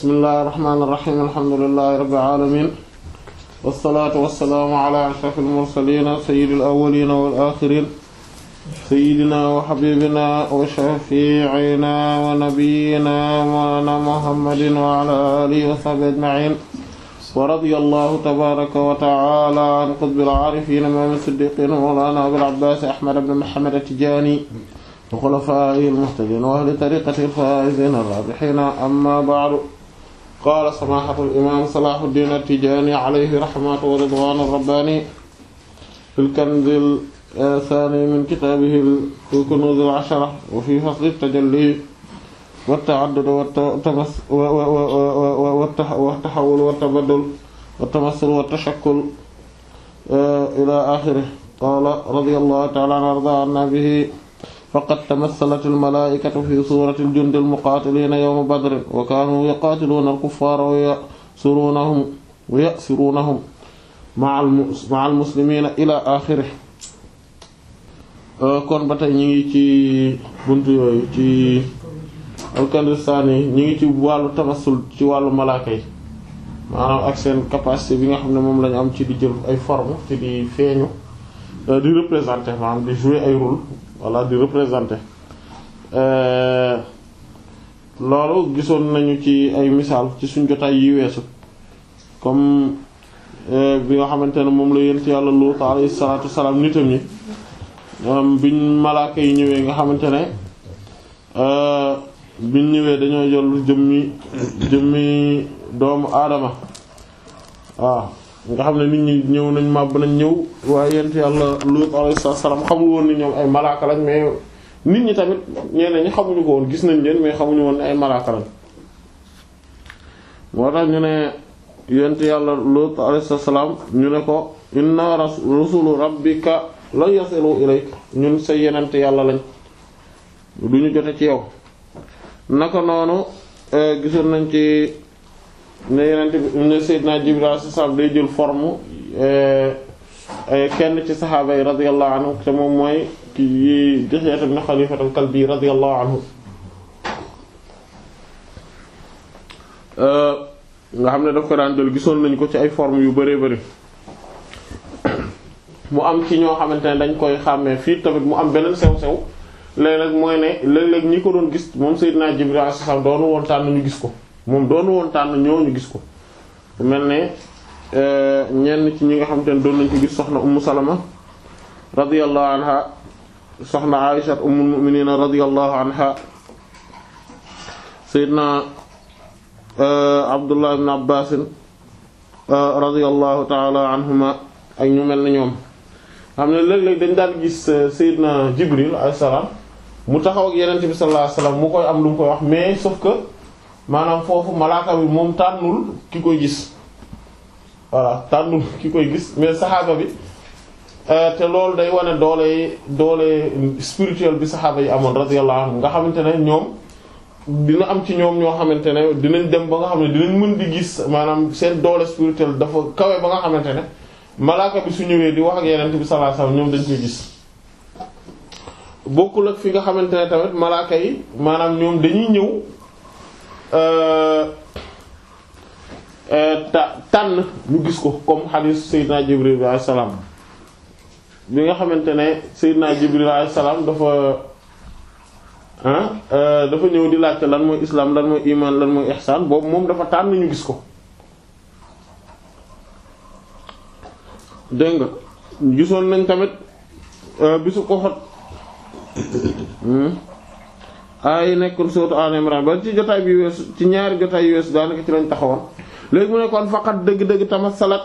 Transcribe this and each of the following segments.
bismillahi irrahmani irrahim alhamdulilahi rabbil alamin wasalaatu wasalaamu ala ashrafil mursalina sayyidil awwalina wal axirin sayyidina wa habibina wa shafi'ina wa nabiyyina mawlana muhammadin wa ala alihi wa sahbihi ajma'in wa radiyallahu tabaraka wa ta'ala an qutbil aarifin imaam siddiqin mawlana abil abbaas ahmad ibn muhammad at-tijaani wa xulafaa'ihi al-muhtadiin wa ahli tariiqatihi al-faa'iziina ar-raabihiin amma ba'du qaala samaaxatul imaam Salaahuddin At-Tijaani alayhi rahmatu wa ridwaanu rabbaani fil kanzil saani eh, min kitaabihi al-kunuuzil ashara wa fi fasli tajalli wa ta'addud wa tamas wa wa wa wa tahawul wa tabaddul wa tamassul wa tashakkul eh, ilaa aaxirihi qaala radiyallaahu ta'aalaa anhu wa ardaanaa bihi faqad tamassalat al-malaa'ikatu fi suurati al-jundi al-muqaatiliina yawma badrin wa kaanuu yuqaatiluuna al-kuffaara wa ya'siruunahum wa ya'siruunahum ma'a al-muslimiina euh, kon ba tey ñu ngi ci buntu yooyu ci al-Kanzistaani ñu ngi ci wàllu tamassul ci wàllu malaaka yi maanaam ak seen capacité bi nga xam ne moom lañu am ci di jël ay forme ci di feeñu euh, di représenter maanaam di jouer ay rôle voilà di représenter euh, loolu gisoon nañu ci ay misaal ci suñ jotaay yi weesu comme euh, bi nga xamante ne moom la ci yàlla Luut alayhi salaatu salaam nitam ñi biñ malaaka yi ñëwee nga xamante ne euh, biñ ñëwee dañoo jël jëmmi jëmmi doomu aadama waaw nga xam ne nit ñi ñëw nañ màbb nañ ñëw waaye yent yàlla Luut alayhi salaam xamul woon ni ñoom ay malaaka lañ mais nit ñi tamit ñeneen ñi xamuñu ko woon gis nañ leen mais xamuñu woon ay malaaka lañ moo tax ñu ne yent yàlla Luut alayhi salaam ñu ne ko inna rusulu rabbika la yasilu ilayk ñun sa yenent yàlla lañ duñu jote ci yow naka noonu eh, gisoon nañ ci ne yenente bi ne Seydina day jël form eh, eh, kenn ci saxaaba yi radiyallahu anhu te moom mooy ki Dihya ibn Khalifa al-Kalbi radiyallahu eh, xam ne daf ko daan jël gisoon ko ci ay forme yu bëree bëri mu am ci ñoo xamante ne dañ koy xàmmee fii tamit mu am beneen sew-sew léeg-léeg mooy ne léeg-léeg ñi ko doon gis moom Seydina Jibril alayhi salaam doonu woon tànn ñu gis ko moom doon woon tànn ñooñu gis ko mel ne euh, ñenn ci ñi nga xamante ne doon nañ ko gis soxna ummu salama radiyallahu anha soxna aisha ummul mu'minina radiyallahu anha sayyidna euh, abdullah ibn abbas euh, radiyallahu ta'ala anhuma ak ñu mel ne ñoom xam ne léeg-léeg dañ daal gis sayyidna jibril alayhi salaam mu taxaw ak yeneen bi sallallahu mu koy am lu mu koy wax mais sauf que maanaam foofu malaaka bi moom tànnul ki koy gis voilà tànnul ki koy gis mais saxaaba bi euh, te loolu day wane doole doole spirituel bi saxaaba yi amoon radiyallahu anhum nga xamante ne ñoom dina am ci ñoom ñoo xamante ne dinañ dem ba nga xam ne dinañ mën di gis maanaam seen doole spirituel dafa kawe ba nga xamante ne malaaka bi su ñëwee di wax ak yeneen bi sallallahu alayhi wasallam ñoom dañ koy gis. bokkul ak fi nga xamante ne tamit malaaka yi maanaam ñoom dañuy ñëw. Euh, euh, ta tànn ñu gis ko comme xadiis Seydina Jibril alayhi salaam bi nga xamante ne Seydina Jibril alayhi salaam dafa euh, dafa ñëw di laajte lan mooy islam lan mooy iman lan mooy ihsan boobu moom dafa tànn ñu gis ko dégg nga gisoon nañ tamit bisu ko xot hmm? ay nekkul sourate Al Imran ba ci jotaay bi weesu ci ñaari jotaay yu weesu daanaka ci lañ taxawoon léegi mu nekkoon kon faqat dëgg-dëgg tamasalat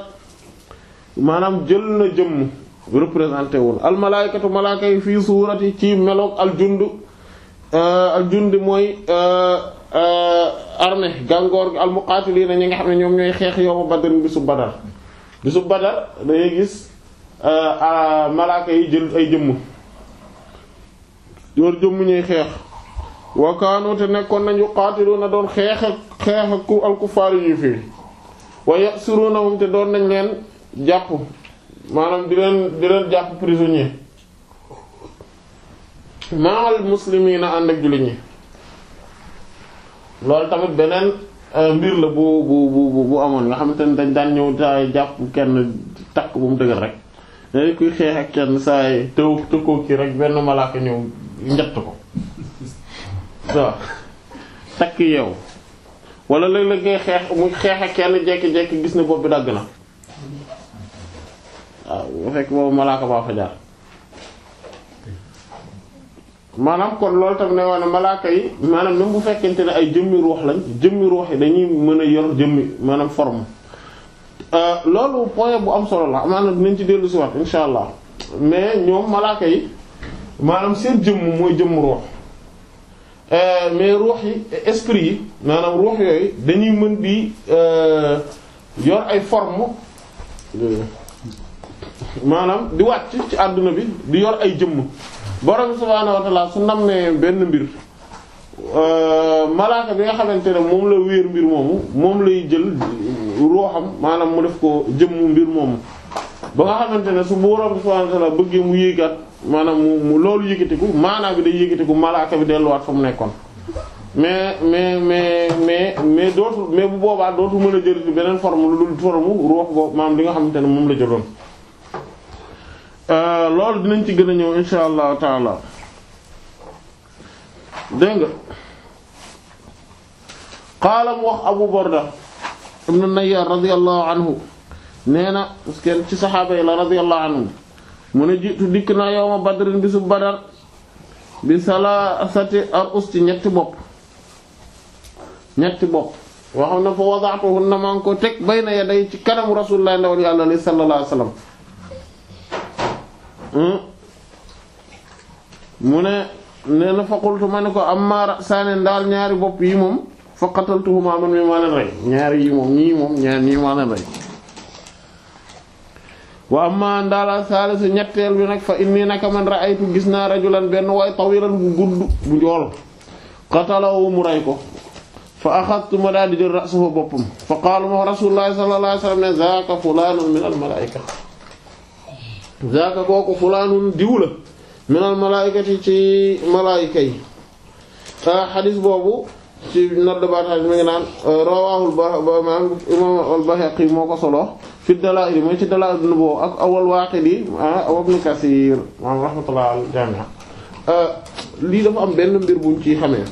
maanaam jël na jëmm représenté woon al malaykatu malaaka yi fii suurati ci meloog al jund euh, al jund mooy euh, euh, armée gàngoor gi al muqaatiliina ñi nga xam ne ñoom ñooy xeex yowma Badr bisu Badar bisu Badar dangay gis malaaka yi jël ay jëmm yor jëmm ñuy xeex wa kaanu te nekkoon nañu yuqaatiluna doon xeex ak ku alkufaar yi fii wa yasiruna hum te doon nañ leen jàpp maanaam di leen di leen jàpp prisonnier maal muslimiina ànd ak jullit ñi loolu tamit beneen euh, mbir la bu bu bu bu amoon nga xamante ne dañ daan ñëw taay jàpp kenn takk bu mu dëgër rek dañ kuy xeex ak kenn saa tëw tëkkoo kii rek benn malaaka ñëw njett ko waaw takk yeew wala léeg-léeg ngay xeex mu xeexe kenn jekki-jekki gis ne bopp bi dagg na waaw bu fekk boobu malaaka baa fa jaar maanaam kon loolu tamit ne wax ne malaaka yi maanaam même bu fekkente ne ay jëmmi ruux lañ jëmmi ruux yi dañuy mën a yor jëmmi maanaam forme euh, loolu point bu am solo la maanaam dinañ ci dellu si waat insha allah mais ñoom malaaka yi maanaam seen jëmm mooy jëmm ruux Euh, mais ruux yi esprit yi maanaam ruux yooyu dañuy mën bi euh, yor ay forme maanaam di wàcc ci àdduna bi di yor ay jëmm borom subhaanahu wa su nam ne benn mbir euh, malaaka bi nga xamante ne moom la wéer mbir moomu moom lay jël ruuxam maanaam mu def ko jëmm mbir moomu ba nga xamante ne su borom subhaanahu wa ta'ala bëggee mu yéegaat maanaam mu mu loolu yëkkatiku maanaam bi day yëkkatiku malaaka bi delluwaat fa mu nekkoon mais mais mais mais mais dootul mais bu boobaa dootul mën a jël beneen forme lu dul forme ruux boobu maanaam li nga xamante ne moom la jëloon. Euh, loolu dinañ ci gën a ñëw insha allahu taala dégg nga xaala mu wax Abu Burda ibn Nayyar radiyallahu anhu nee na parce ci saxaaba yi la radiyallahu anhu mu ne jiitu dikk na yawma badrin bisu badar bi salaasati arus ci ñetti bopp ñetti bopp waxam na fa wadaatuhunna maa ngi ko teg bayna yaday ci kanamu rasulullah ndawal yàlla li sallallahu alayhi hmm? mu ne nee na fa ma ne ko am amma ra'saani ndaal ñaari bopp yii moom fa qataltuhumaa man mi maa leen rey ñaari yi moom ñii moom ñaar ñii maa leen rey wa amma ndaala saalis ñetteel bi nag fa inni naka man ra'aytu gis naa rajulan benn waay tawilan bu gudd bu jool qatalawu mu rey ko fa axadtu ma daal di jël ra'suhu boppam fa qaala ma rasulullahi sallallahu alayhi wasallam ne zaaka fulaanun min al malaa'ika zaaka kooku fulaanun diw la min al ci malaa'ika yi xadis boobu ci noddabaat xadis mi ngi naan rawaahul imaam al-Bayhaqi moo ko solo dalaa dalaa'il mooy ci dalaa'il boobu ak awal Waaqidi ah aw Ibn Kasiir maanaam rahmatullah al jaami' euh, lii dafa am benn mbir buñ ciy xamee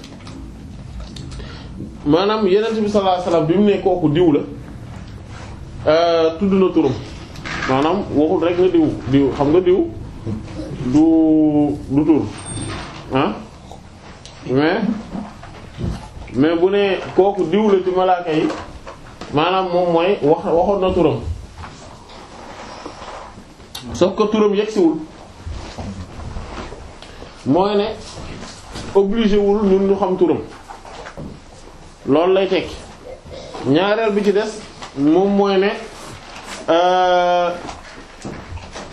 maanaam Yonent bi sallallahu alayhi bi mu ne kooku diw la euh, tudd na turam maanaam waxul rek na diw diw xam nga diw du du tur ah? mais mais bu ne kooku diw la ci malaaka yi maanaam moom mooy wax waxoon na turam. sauf que turam yegsiwul mooy ne obligé wul ñun ñu xam turam loolu lay tekki ñaareel bi ci des moom mooy ne euh,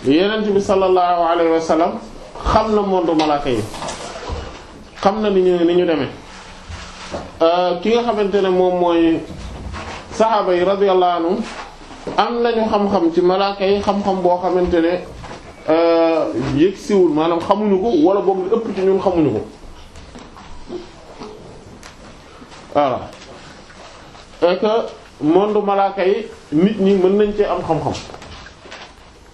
yenent bi sallallahu alayhi wa sallam xam na monde malaaka yi xam na ni ñu ni ñu demee euh, ki nga xamante ne moom mooy saxaaba yi radiyallahu anhum am nañu xam-xam ci malaaka yi xam-xam boo xamante ne euh, yëgsiwul maanaam xamuñu ko wala boog li ëpp ci ñun xamuñu ko voilà et que monde malaaka nit ñi mën nañ cee am xam-xam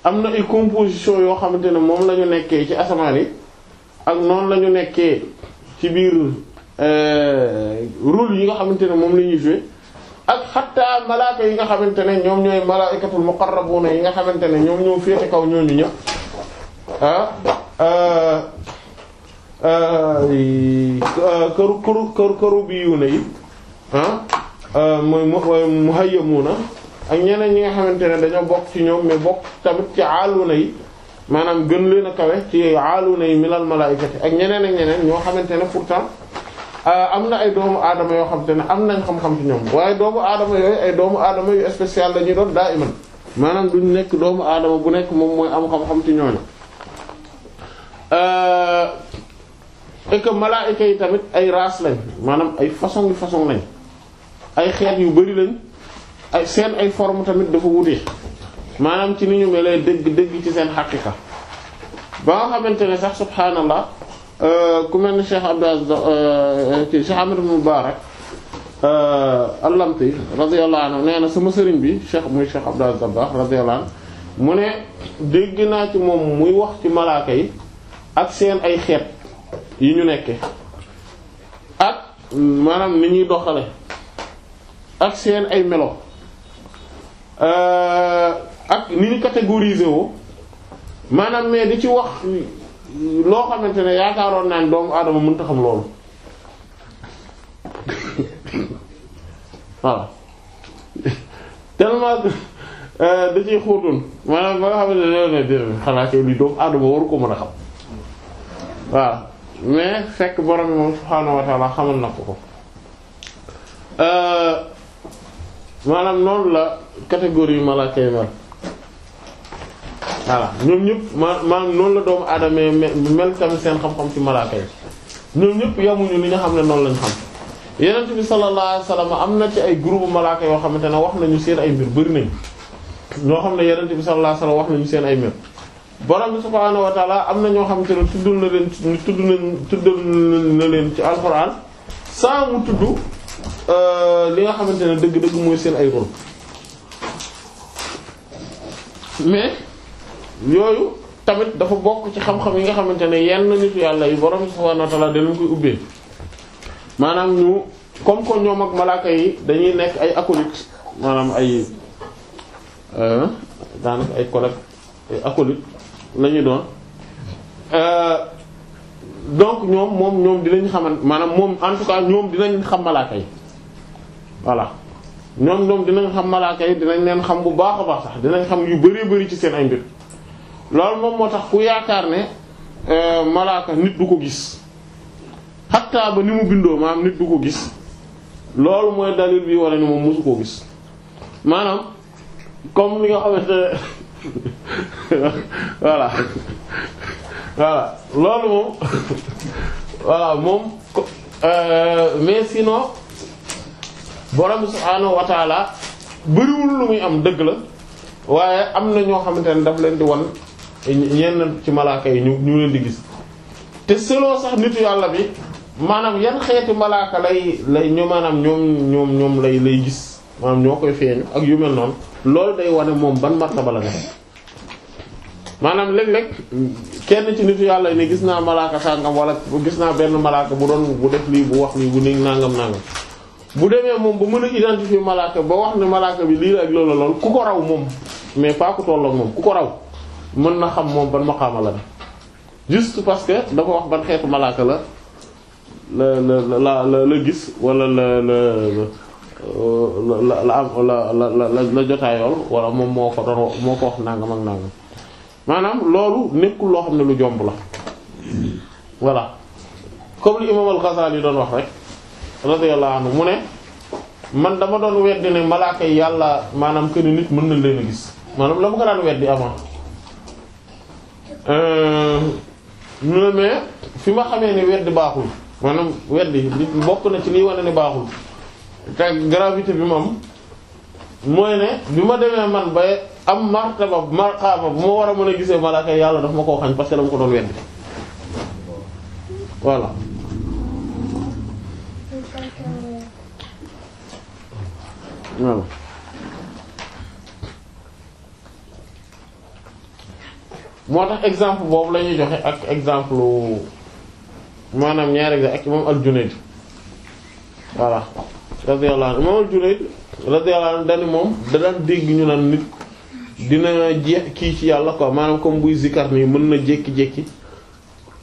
am na ay composition yoo xamante ne moom lañu ñu nekkee ci asamaan yi ak noonu lañu nekkee ci biir euh, rôle yi nga xamante ne moom la ñuy ak xattaa malaaka yi nga xamante ne ñoom ñooy malaa'ikatul muqarrabuuna yi nga xamante ne ñoom ñoo féete kaw ñooñu ñëpp ah këru ah, ah, këru këru këru bi yu ne yi ah, ah mooy muhayyamuuna ak ñeneen ñi nga xamante ne dañoo bokk ci ñoom mais bokk tamit ci aaluuna yi maanaam gën leen a kawe ci aaluuna yi minal malaa'ikati ak ñeneen ak ñeneen ñoo xamante ne pourtant. Euh, am na ay doomu aadama yoo xam te ne am nañ xam-xam ci ñoom waaye doomu aadama yooyu ay doomu aadama yu spécial la ñuy doon daa iman maanaam duñ nekk doomu aadama bu nekk moom mooy am xam-xam ci ñooñu euh, et que malaayika yi tamit ay race lañ maanaam ay façon yu façon lañ ay xeet yu bari lañ ay seen ay form tamit dafa wute maanaam ci ni ñu melee dëgg dëgg ci seen xaqiqa ba nga xamante ne sax subhaanallah Euh, ku mel ne Cheikh Abdou euh, kii Cheikh Ahmad Mubarak euh, allamti radiyallahu anhu nee na sama sëriñ bi Cheikh muy Cheikh Abdou Dabakh radiyallahu anhu mu ne dégg naa ci moom muy wax ci malaaka yi ak seen ay xeet yi ñu nekke ak maanaam ni ñuy doxale ak seen ay melo ak ni ñu catégoriser woo maanaam mais di ci wax loo xamante ne yaakaaroon naa ne doomu aadama mënta xam loolu voilà tellement euh, da ciy xuutoon maanaam ba nga xamante ne ne dé xanaa kow lii doomu aadama waru ko mën a xam waaw mais fekk borom moom subhaanahu wa xamal na ko ko euh, maanaam loolu la catégorie malaaka yi mel voilà ñoom ñëpp ma maa noonu la doomu aadama mel tamit seen xam-xam ci malaaka yi ñoom ñëpp yamuñu li nga xam ne noonu lañ xam yenent bi sallallahu alayhi wasallam am na ci ay groupe malaaka yoo xamante ne wax nañu seen ay mbir bëri nañ ñoo xam ne yenent bi sallallahu alayhi wasallam wax nañu seen ay mbir borom bi subhaanahu am na ñoo xamante ne tuddu na leen tudd nañ tuddal na leen ci alxuraan saa mu tudd euh, li nga xamante ne dëgg-dëgg mooy seen ay rôle mais yooyu tamit dafa bokk ci xam-xam yi nga xamante ne yenn nitu yàlla yi borom subhaanahu wa ta'aala da leen koy ubbee maanaam ñu comme que ñoom ak malaaka yi dañuy nekk ay acolytes maanaam ay euh, daanaka ay collègues ay acolytes la ñu doon euh, donc ñoom moom ñoom dinañ xaman maanaam moom en tout cas ñoom dinañ xam malaaka yi voilà ñoom ñoom dinañ xam malaaka yi dinañ leen xam bu baax a baax sax dinañ xam yu bari bari ci seen ay mbir loolu moom moo tax ku yaakaar ne euh, malaaka nit du ko gis xattaa ba ni mu bindoo maanaam nit du ko gis loolu mooy dalil bi wala ni moom mosu koo gis maanaam comme li nga xamante voilà loolu moom voilà moom euh, mais borom subhaanahu wa taala lu muy am dëgg la waaye am na ñoo xamante ne daf leen di wan ñenn ci malaaka yi ñu ñu leen di gis te selon sax nitu yàlla bi maanaam yan xeeti malaaka lay lay maanaam ñoom ñoom ñoom lay lay gis maanaam ñoo koy feeñu ak yu mel noonu loolu day wane moom ban martaba la nekk maanaam léeg-léeg kenn ci nitu yàlla ne gis naa malaaka sàngam wala gis naa benn malaaka bu doon bu def lii bu wax lii bu néeg nàngam nangam bu demee moom ba mën a identifier malaaka ba wax ne malaaka bi lii la ak loolu lool raw moom mais pas ku tolloog ku ko raw mën na xam moom ban maqaama la ne juste parce que dafa wax ban xeetu malaaka la la la la gis walla la la la la am la la la la wala moom moo ko doon moo ko wax nangam ak nangam maanaam loolu nekkul loo xam ne lu jomb la voilà comme li imam al-Ghazali doon wax rek radiyallahu mu ne man dama doon weddi ne malaaka yàlla maanaam que nit mën na leen gis maanaam la mu ko daan weddi avant ñu euh, ne mais fi ma xamee ne weddi baaxul maanaam weddi bi bokk na ci liy wane ne baaxul te gravité bi moom mooy ne bi ma demee man ba am martaba marqaama bu ma war a mën a gisee ma malaaka yàlla daf ma ko xañ parce que ko doon weddi voilà moo tax exemple boobu lañuy joxe ak exemple maanaam ñaari exemple ak moom al-Junayd voilà radiyallahu anhu imam al-Junayd moom da daan dégg ñu naan nit dina jeex kii ci yàlla quoi maanaam comme buy zikar nii mën na jékki-jékki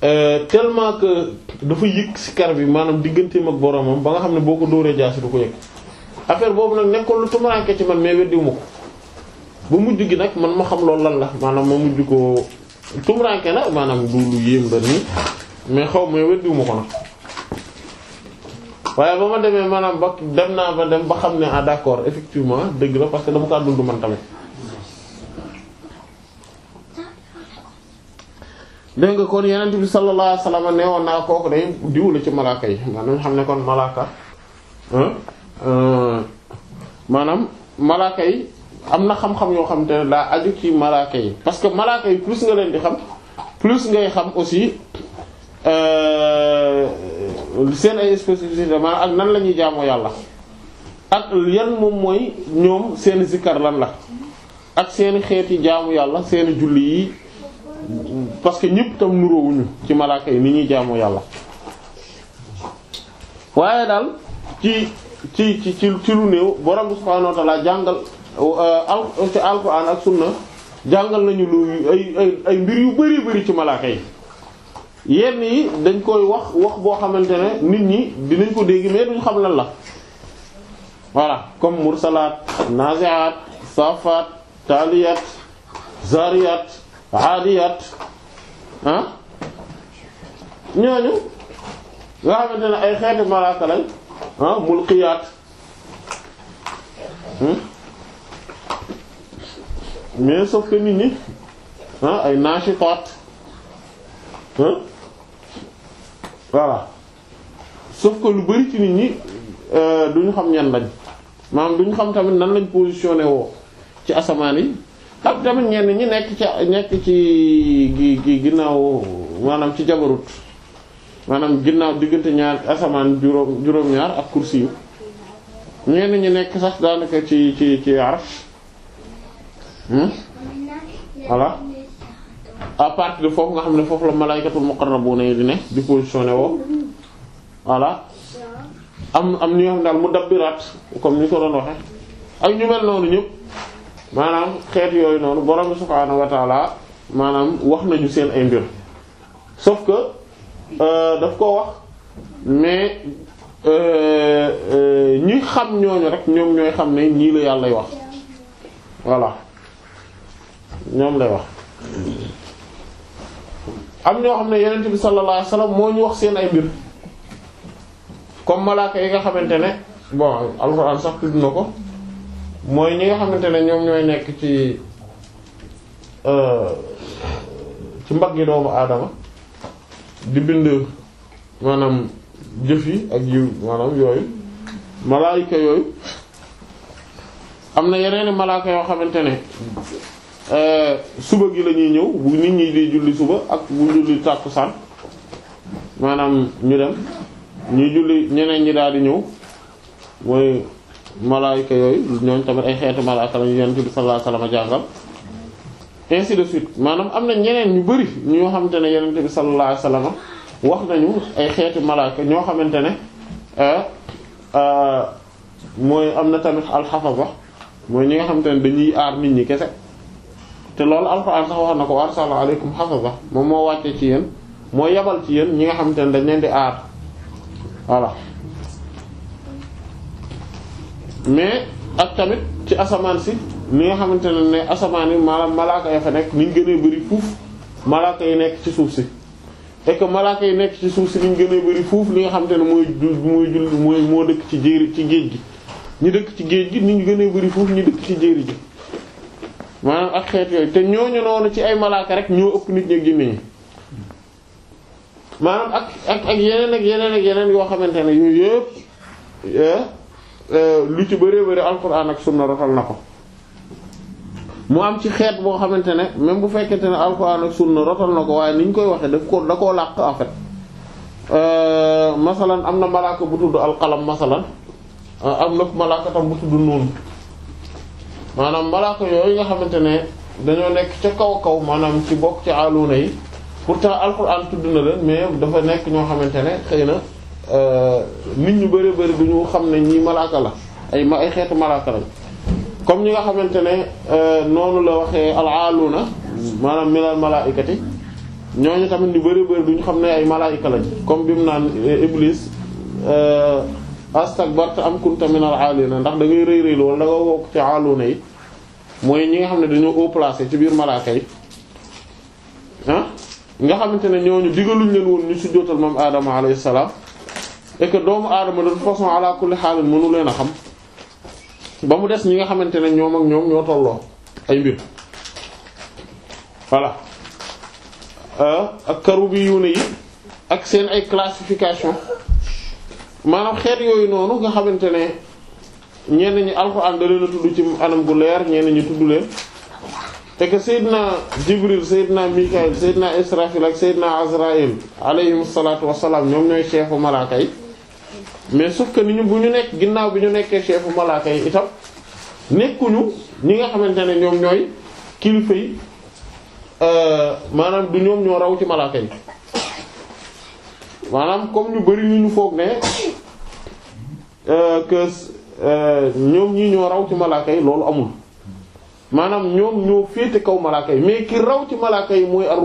euh, tellement que dafa yëg sikar bi maanaam digganteem ak boromam ba nga xam ne boo ko dóoree jaasi du ko yëg affaire boobu nag nekkul lu tumuraanke ci man mais weddiwu ma ko ba mujj gi nag man ma xam lool lan la maanaam ma mujj ko tumuraanke na maanaam du lu yéem la nii mais xaw ma ko nag waaye ba ma demee maanaam ba dem naa ba dem ba xam ne ah d'accord effectivement dëgg la parce que dama kaa dund man kon yeneen bi sallallahu alayhi naa kooku day diw ci malaaka yi maanaam xam ne kon malaaka euh, maanaam malaaka yi am na xam-xam yoo xam te ne daa aju ci malaaka yi parce que malaaka yi plus nga leen di xam plus ngay xam aussi euh, seen ay spécificité maanaam ak nan la ñuy jaamoo yàlla ak yan moom mooy ñoom seen zikkar lan la ak seen xeeti jaamu yàlla seen julli yi parce que ñëpp tam nuroowuñu ci malaaka yi ni ñuy jaamu yàlla waaye daal ci ci ci ci lu néew borom bi subhaanahu wa ta'ala jàngal Euh, al ci alquran ak sunna jàngal nañu lu ay ay mbir yu bari bari ci malaaka yi yenn yi dañ koy wax wax boo xamante ne nit ñi dinañ ko dégg mais duñ xam lan la voilà comme mursalaat naziat safat taliyat zariyat adiyat ah ñooñu nga xamante ne ay xeeti malaaka lañ ah mais sauf que nit ñi ay naashitaat ah voilà sauf ko lu bari ci nit ñi euh, duñu xam ñan lañ maanaam duñu xam tamit nan lañ positionné woo ci asamaan yi ak tamit ñenn ñi nekk ci nekk ci gi gi ginnaaw maanaam ci jabarut maanaam ginnaaw diggante ñaar asamaan juróom juróom-ñaar ak kursi yu ñenn ñi nekk sax daanaka ci ci ci Hmm? voilà à partir de foofu nga xam ne foofu la malaaykatul muqarrabuna yi di ne di positionné woo voilà am am ñu am daal mu dabbiraat comme ni ko doon waxee ak ñu mel noonu ñëpp maanaam xeet yooyu noonu borom subhaanahu wa taala maanaam wax nañu seen ay mbir sauf que euh, daf koo wax mais euh, euh, ñi xam ñooñu rek ñoom ñooy xam ne ñii la yàlla lay wax voilà ñoom lay wax am ñoo xam ne yenent bi sallallahu alayhi wasallam moo ñu wax seen ay mbir comme malaaka yi nga xamante ne bon alxuraan sax tudd na ko mooy ñi nga xamante ne ñoom ñooy nekk ci euh, ci mbaggi doomu aadama di bind maanaam jëf yi ak yiw maanaam yooyu malaayika yooyu am na yeneen malaaka yoo xamante ne Euh, suba gi lañuy ñuy ñëw bu nit ñi di julli suba ak bu julli tàkkusaan maanaam ñu dem ñuy julli ñeneen ñi daal di ñëw mooy malaayka yooyu ñooñ tamit ay xeetu malaayka lañu yonent bi sallallahu alayhi wasallam jàngal maanaam am na ñeneen ñu bari ñoo xamante ne yonent bi sallallahu alayhi wasallam wax nañu ay xeetu malaayka ñoo xamante ne euh, euh, mooy am na tamit alxafa mooy ñi nga xamante ne dañuy aar nit ñi kese te loolu alxuraan sax wax na ko wa arsala aleykum hafaza moom moo wàccee ci yéen moo yabal ci yéen ñi nga xamante ne dañ leen di aar voilà mais ak tamit ci asamaan si ni nga xamante ne ne asamaan yi maanaam malaaka ya fa nekk niñ gënee bëri fuuf malaaka yi nekk ci suuf si et que malaaka yi nekk ci suuf si ñu gënee bëri foofu li nga xamante ne mooy mooy mooy moo dëkk ci jéeri ci géej gi ñu dëkk ci géej gi niñ gënee bëri fuuf ñi dëkk ci jéeri ji maanaam ak xeet yooyu te ñooñu noonu ci ay malaaka rek ñoo ëpp nit ñi ak jinne ñi maanaam ak ak ak yeneen ak yeneen ak yeneen yoo xamante ne yooyu yëpp eh, eh, lu ci bëree bëri alquran ak sunna rotal na ko mu am ci xeet boo xamante ne même bu fekkente ne alquran ak sunna rotal na ko waaye ni koy waxee daf ko da koo làq en fait eh, masalan am na malaaka bu tudd alqalam masalan am na malaaka tam bu tudd noonu maanaam malaaka yooyu nga xamante ne dañoo nekk ca kaw kaw maanaam ci bokk ci àlluuna yi pourtant alxuraan tudd na leen mais dafa nekk ñoo xamante ne xëy na euh, nit ñu bëree bëri du ñu xam ne ñii malaaka la ay ma ay xeetu malaaka lañ comme ñi nga xamante ne euh, noonu la waxee al na maanaam minal malaaykati ñooñu tamit ñu bëri bëri du ñu xam ne ay malaayika lañ comme bi mu naan euh, iblis. astakbarta am kunta minal aalina ndax da ngay rëy rëy loolu da nga wokk ci aaluna yi mooy ñi nga xam ne dañoo haut placé ci biir malaaka yi nga xamante ne ñooñu digaluñ leen woon ñu sujjóotal moom aadama alayhi salaam et que doomu aadama de toute façon ala xaalin mënu leen a xam ba mu des ñi nga xamante ne ñoom ak ñoom ñoo tolloo ay mbir voilà euh, ak karubiyuuna yi ak seen ay classification maanaam xeet yooyu noonu nga xamante ne ñenn ñi alxuraan da leen a tudd ci anam gu leer ñenn ñi tudd leen te que Seydina Jibril Seydina Mikaayil Seydina Israfil ak Seydina Azraïl alayhim salaatu wassalaam ñoom ñooy chefu malaakay mais suuf que ni ñu bu ñu nekk ginnaaw bi ñu nekkee chefu malaaka yi itam nekkuñu ñi nga xamante ne ñoom ñooy kilifa yi euh, maanaam du ñoom ñoo raw ci malaaka maanaam comme ñu bari ñu ñu foog ne Euh, que euh, ñoom ñii ñoo raw ci malaaka yi loolu amul maanaam ñoom ñoo féete kaw malaaka yi mais ki raw ci malaaka yi mooy ar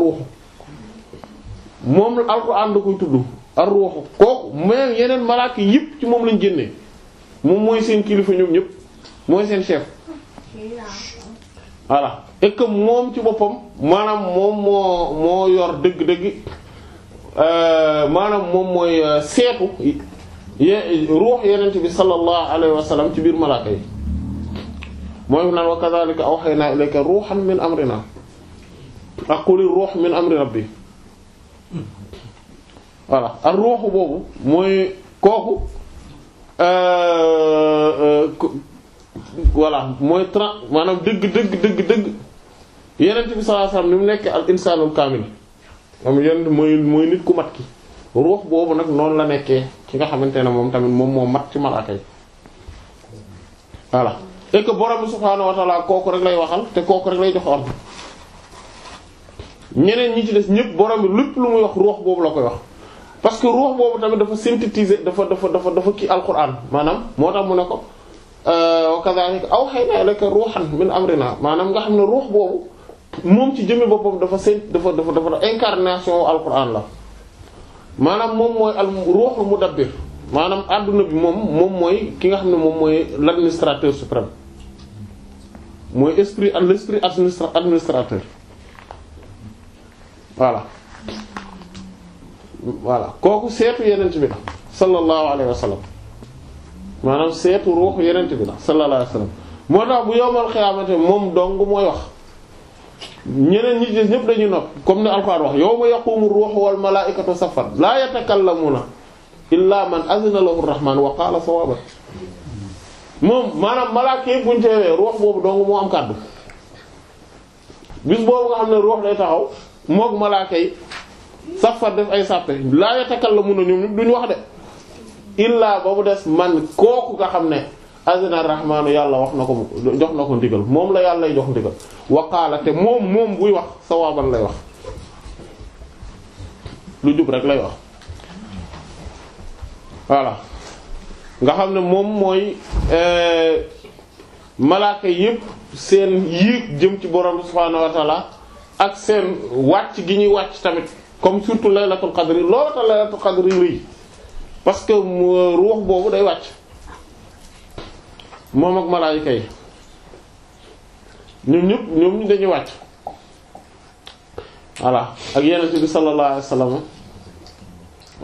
moom alxuraan da koy tudd ar-ruuxu kooku même yeneen malaaka yi yëpp ci moom lañ génnee moom mooy seen kilifa ñoom ñëpp mooy seen chef voilà et moom ci boppam maanaam moom moo moo yor dëgg-dëgg euh, maanaam moom mooy seetu ye ruux yenent bi sallallahu alayhi ci biir malaaka yi mooy naan wa kadhalika awhaynaa ilayka ruuhan min amrina ak quli ruux min amri rabbi voilà ak ruuxu boobu mooy kooku euh, euh, voilà mooy tra maanaam dëgg dëgg dëgg dëgg yenent bi sallallahu alayhi ni mu nekk al insaanul kaamil am yenn mooy mooy nit ku mat ki ruux boobu nag noonu la nekkee ki nga xamante ne moom tamit moom moo mat ci malaaka yi voilà et que borom bi subhaanahu wa kooku rek lay waxal te kooku rek lay jox ordre ñeneen ñi ci des ñëpp borom bi lépp lu muy wax ruux boobu la koy wax parce que ruux boobu tamit dafa synthétiser dafa dafa dafa dafa kii alquran maanaam moo tax mu ne ko euh, wa kadhalika awhaynaa ilayka ruuhan min amrinaa maanaam nga xam ne ruux boobu moom ci jëmmi boppam dafa seen dafa dafa dafa incarnation alquran la maanaam moom mooy al ruuxul mudabbir maanaam àdduna bi moom moom mooy ki nga xam ne moom mooy l'administrateur suprême mooy esprit l' esprit administrateur voilà voilà kooku seetu yenent bi la sallallahu alayhi wa maanaam seetu ruux yenent bi la sallallahu alayhi wa moo tax bu yowmal xiyaamate moom dong mooy wax ñeneen ñi ci des ñëpp dañuy noppi comme ni alxuraan wax yawma yaqumu ruuhu wal malaa'ikatu safan laa yatakallamuuna illaa man azina lahu rahmaan wa qaala sawaaba moom maanaam malaaka yi buñ teewee ruux boobu dong moo am kàddu bis boobu nga xam ne ruux day taxaw moog malaaka yi safar def ay sàppe laa yatakallamuuna ñoom ñëpp duñ wax de illaa ba mu des man kooku nga xam ne azina rahmaanu yàlla wax na ko jox na ko ndigal moom la yàlla lay jox ndigal waqaala te moom moom buy wax sawaaban lay wax lu jub rek lay wax voilà nga xam ne moom mooy euh, malaaka yépp seen yéeg jëm ci borom subhaanahu wa ak seen wàcc gi ñuy wàcc tamit comme surtout laylatul qadr loolu tax laylatul qadr yi parce que euh, ruux boobu day wàcc moom ak malaayika yi ñoom ñëpp ñoom dañuy wàcc voilà ak yeneen bi sallallahu alayhi wasallam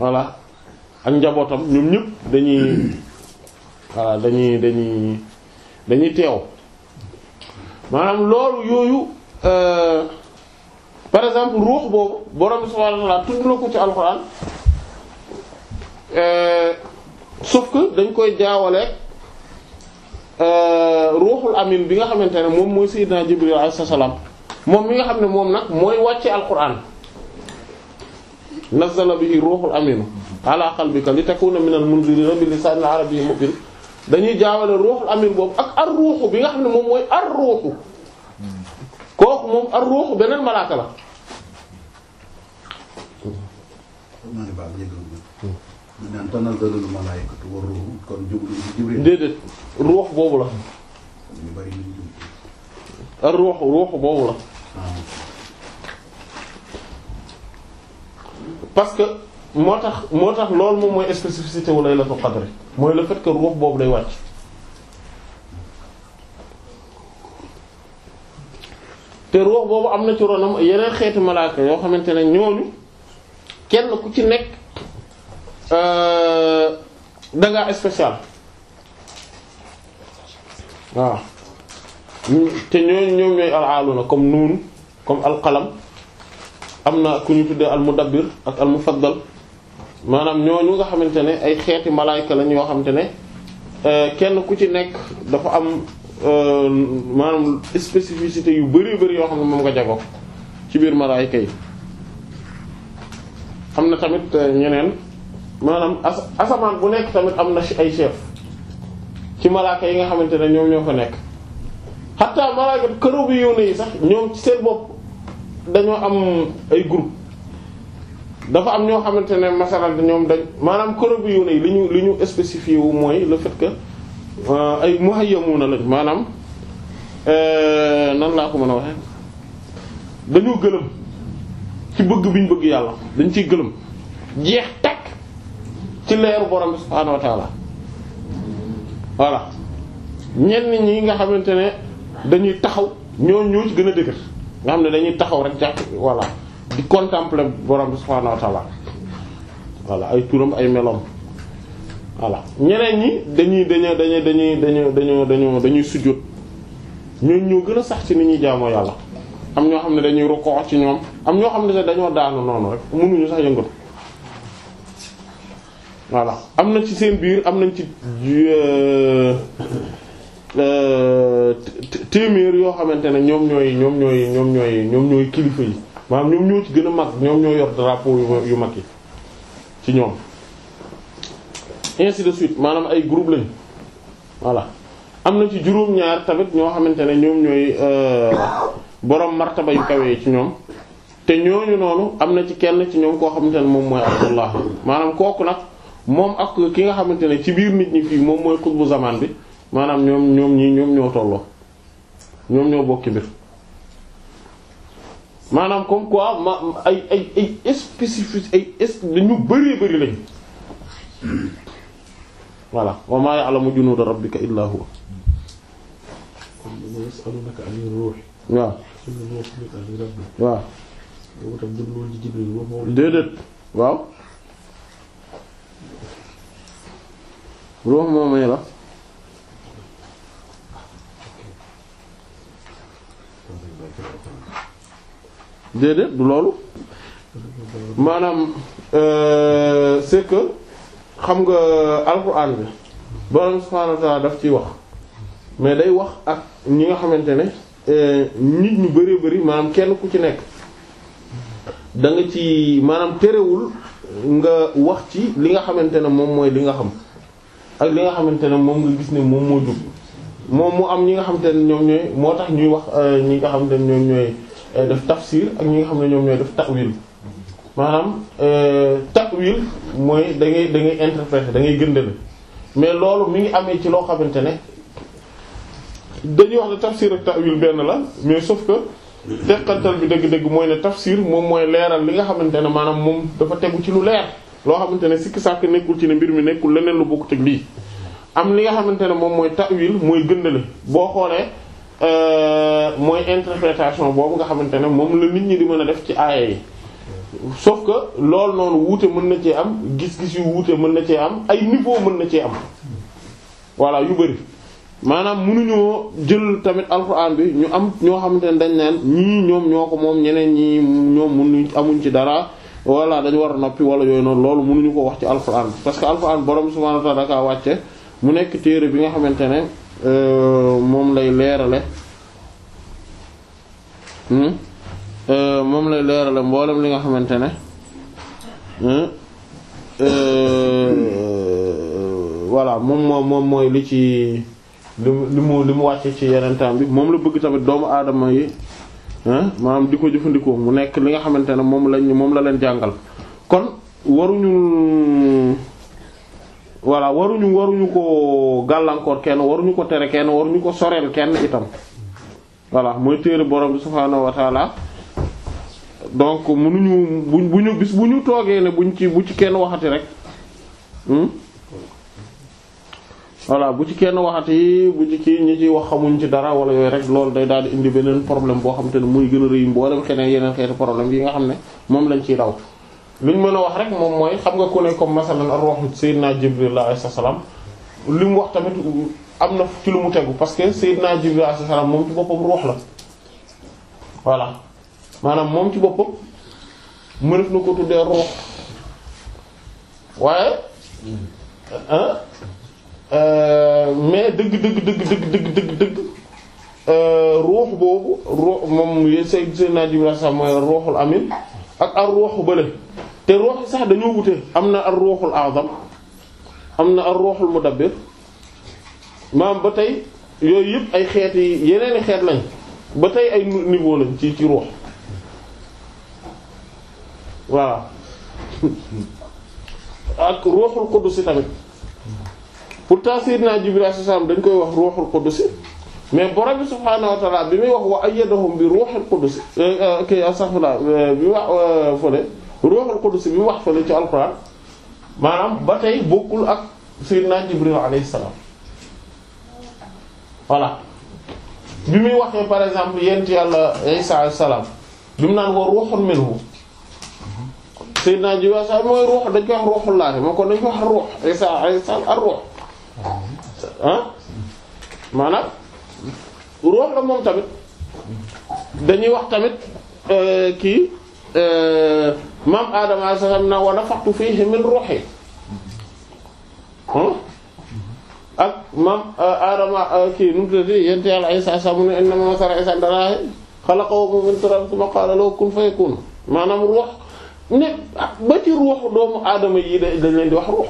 voilà ak njabootam ñoom ñëpp dañuy voilà dañuy dañuy dañuy teew maanaam loolu yooyu euh, par exemple ruux boobu borom bi subhanahu wa ta'ala tudd na ko ci alxuraan euh, sauf dañ koy jaawale Euh, ruuxul amin bi nga xamante ne moom mooy sayyidina Jibril alayhi salaam moom mi nga xam ne moom nag mooy wàcce alquran nazzala bihi ruuxul amin ala qalbika litakuna minal munzirin bi lisaanil arabiyyin mubin dañuy jaawale ruuxul amin ak ar ruuxu bi nga xam ne moom mooy ar ruuxu kooku moom ar ruuxu beneen malaaka la naan tanazzalul malaa'ikatu war déedéet ruux boobu la. ñu bari ñu jublu. Ah, ruux ruux boobu la. Ah. parce que moo tax moo tax loolu moom mooy spécificité wu laylatul qadr mooy la fait que ruux boobu day wàcc. te ruux boobu am na ci ronam yeneen xeetu malaaka yoo xamante ne ñooñu kenn ku ci nekk. Euh, da ngaa waaw te ñooñu ñoom ñooy na comme nuun comme alqalam am na ku ñu tuddee al mudabbir ak al mufaddal maanaam ñooñu nga xamante ne ay xeeti malaayka lañ yoo xamante ne euh, kenn ku ci nekk dafa am euh, maanaam spécificité yu bari bari yoo xam ne moom nga jago ci biir malaayka yi am na tamit ñeneen. maanaam as asamaan bu nekk tamit am na si ay chef ci malaaka yi nga xamante ne ñoom ñoo fa nekk xataa malaaka këru bi yow yi sax ñoom ci seen bopp dañoo am ay groupe dafa am ñoo xamante ne masalan ñoom dañ maanaam këru bi yow yi li ñu li ñu espécifier wu mooy le fait que euh, ay muhayyamuna lañ maanaam euh, nan laa ko mën a waxee dañoo gëlëm ci bëgg bi ñu bëgg yàlla dañ ci gëlëm jeex tàkk. ci leeru borom bi subhaanahu wa taala ñenn ñi nga xamante ne dañuy taxaw ñoo ñoo gën a dëgër nga xam ne dañuy taxaw rek jàpp voilà di contempler borom bi subhaanahu wa taala voilà ay turam ay meloom voilà ñeneen ñi dañuy dañuy dañuy dañuy dañuy dañuy dañuy dañuy sujjóot ñoo ñoo gën a sax ci ni ñuy jaamoo yàlla am ñoo xam ne dañuy rukkoo ci ñoom am ñoo xam ne dañoo daanu noonu rek mënuñu sax yëngatu. voilà am na ci seen biir am nañ ci euh, euh, téeméer yoo xamante ne ñoom ñooy ñoom ñooy ñoom ñooy ñoom ñooy kilifa yi maanaam ñoom ñoo ci gën a mag ñoom ñoo yor drapeau yu mag yi ci ñoom ainsi de suite maanaam ay groupe lañ voilà am na ci juróom-ñaar tamit ñoo xamante ne ñoom ñooy euh, borom martaba yu kawee ci ñoom te ñooñu noonu am na ci kenn ci ñoom koo xamante ne moom mooy Abdullah maanaam kooku nag moom ak ki nga xamante ne ci biir nit ñi fii moom mooy xutbu zamaan bi maanaam ñoom ñoom ñii ñoom ñoo tolloo ñoom ñoo bokki mbir maanaam comme quoi ma ay ay ay spécifique ay dañu bëree bëri lañ voilà wa maa ya'lamu junuuda rabbika illaa huwa waaw waaw waaw ruux moom may la déedéet du loolu maanaam euh, c'est que xam nga alquran bi borom subhaanahu wa daf ciy wax mais day wax ak ñi nga xamante ne euh, nit ñu bari bari maanaam kenn ku ci nekk danga ci maanaam terewul nga wax ci li nga xamante ne moom mooy li nga xam ak li nga xamante ne moom nga gis ne moom moo jub moom mu am ñi nga xamante ne ñoom ñooy moo tax ñuy wax euh, ñi nga xamante ne ñoom ñooy euh, def tafsir ak ñi nga xam ne ñoom ñooy def ta'wil maanaam euh, ta'wil mooy da da ngay interpréter da ngay gëndale mais loolu mi ngi amee ci loo xamante ne dañuy wax ne tafsir ak ta'wil benn la mais sauf que teqantal bi dëgg-dëgg mooy ne tafsir moom mooy leeral li nga xamante ne maanaam moom dafa tegu ci lu leer loo xamante ne sikki sàkk nekkul ci ne mbir mi nekkul leneen lu bokk teg lii am li nga xamante ne moom mooy ta'wil mooy gëndale boo xoolee euh, mooy interprétation boobu nga xamante ne moom la nit ñi di mën a def ci aaya yi sauf que loolu noonu wuute mën na cee am gis-gis yu wuute mën na cee am ay niveau mën na cee am voilà yu bari maanaam mënuñoo jël tamit alxuraan bi ñu am ñoo xamante ne dañ naan ñii ñoom ñoo ko moom ñeneen ñii ñoom nu amuñ ci dara walla dañu war a noppi wala yooyu noonu loolu mënuñu ko wax ci alquran parce que alquran borom subhaanahu wa ta'ala dakaa wàcce mu nekk téere bi nga xamante ne euh, moom lay leerale hmm, euh, moom lay leerale mboolem li nga xamante ne hmm, euh, voilà moom moom moom mooy li ci li mu li mu wàcce ci yeneen temps bi moom la bëgg tamit doomu aadama yi maanaam di ko jëfandikoo mu nekk li nga xamante ne moom lañ moom la leen jàngal kon waruñu voilà waruñu waruñu ko gàllankoor kenn waruñu ko tere kenn waruñu ko soreel kenn itam voilà mooy téere borom bi subhaanahu donc mënuñu bu bu ñu bis bu ñu toogee ne buñ ci bu ci kenn waxati rek. Hmm? voilà bu ci kenn waxati bu ci kii ñi ci wax xamuñ ci dara wala yooyu rek loolu day daal di indi beneen problème boo xam te ne muy gën a rëy mboolem xeneen yeneen xeeti problème yi nga xam ne moom lañ ciy raw li ñu mën a wax rek moom mooy xam nga ku ne comme masalan ar-ruhu Seydina Jibril alayhi salaam li mu wax tamit na ci lu mu tegu parce que Seydina Jibril alayhi salaam moom ci boppam ruux la voilà maanaam moom ci boppam mënef na ko tuddee ruux waaye Euh, mais dëgg dëgg dëgg dëgg dëgg dëgg dëgg euh, ruux boobu ruux moom y say Seydina Jibril sax mooy ruuxul amin ak ar ruuxu bële te ruux sax dañoo wute am na ar ruuxul azam am na ar ruuxul mudabbir maam ba tey yooyu yëpp ay xeet yi yeneeni xeet lañ ba tey ay niveau lañ ci ci ruux voilà ak ruuxul si tamit pourtant sayyidina Jibril alayhi salaam dañ koy wax ruuxul qudus mais borom bi subhaanahu wa ta'aala bi muy wax wa ayyadahum bi ruuxil qudus euh, euh, kii astaghfirullah euh, bi wax wax fële ci alxuraan maanaam ba tey bokkul ak sayyidina Jibril salaam voilà bi muy waxee par exemple yent yàlla Isa alayhi salaam bi mu naan wa ruuxun minhu sayyidina Jibril mooy ruux dañ koy wax ruuxullaahi moo ko dañ wax ruux Isa alayhi salaam ar ruux ah maanaam ruux la moom tamit dañuy wax tamit euh, kii euh, maam Adama alayhi salaam na wa nafaxtu fiihi min ruuhi ak maam euh, Adama kii nu mu tuddati yonent Yàlla Isaa sax mu ne innamaa mathalu Isaa inda Allaah xalaqahu min turaab summa qaala lahu kun fayakun maanaam ruux ne ah, ba ci ruux doomu Adama yi dañ leen di wax ruux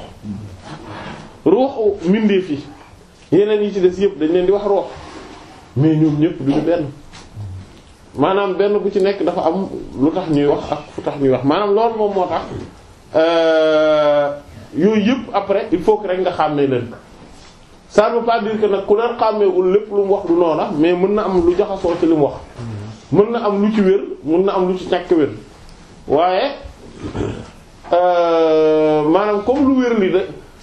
ruuxu mbindeef yi yeneen yi ci des yëpp dañ leen di wax roox mais ñoom ñëpp duñu benn maanaam benn bu ci nekk dafa am lu tax ñuy wax ak fu tax ñuy wax maanaam loolu moom moo tax euh, yooyu yëpp après il faut que rek nga xàmmee leen ça veut pas dire que nag ku leen xàmmeewul lépp lu mu wax du noona mais mën na am lu jaxasoo ci lu mu wax mën na am lu ci wér mën na am lu ci ñàkk wér waaye euh, maanaam comme lu wér li de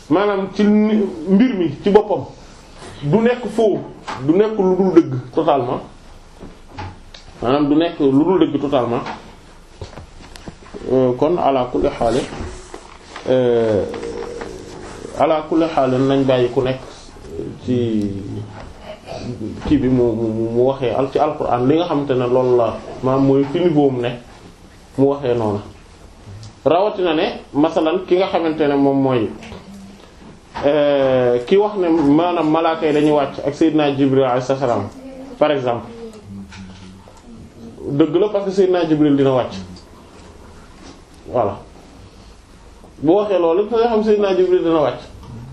maanaam ci mbir mi ci boppam du nekk faux du nekk lu dul dëgg totalement maanaam du nekk lu dul dëgg totalement euh, kon ala kulli xaale euh, ala nañ bàyyi ku nekk ci kii bi mu mu waxee al ci alquran li nga xamante ne loolu la maanaam mooy fi niveau mu waxee noonu rawatina ne masalan ki nga xamante ne moom mooy. Euh, ki wax ne maanaam malaaka yi dañuy wàcc ak Seydina Jibril alayhi salaam par exemple dëgg la parce que Seydina Jibril dina wàcc voilà bu waxee loolu da nga xam Seydina Jibril dina wàcc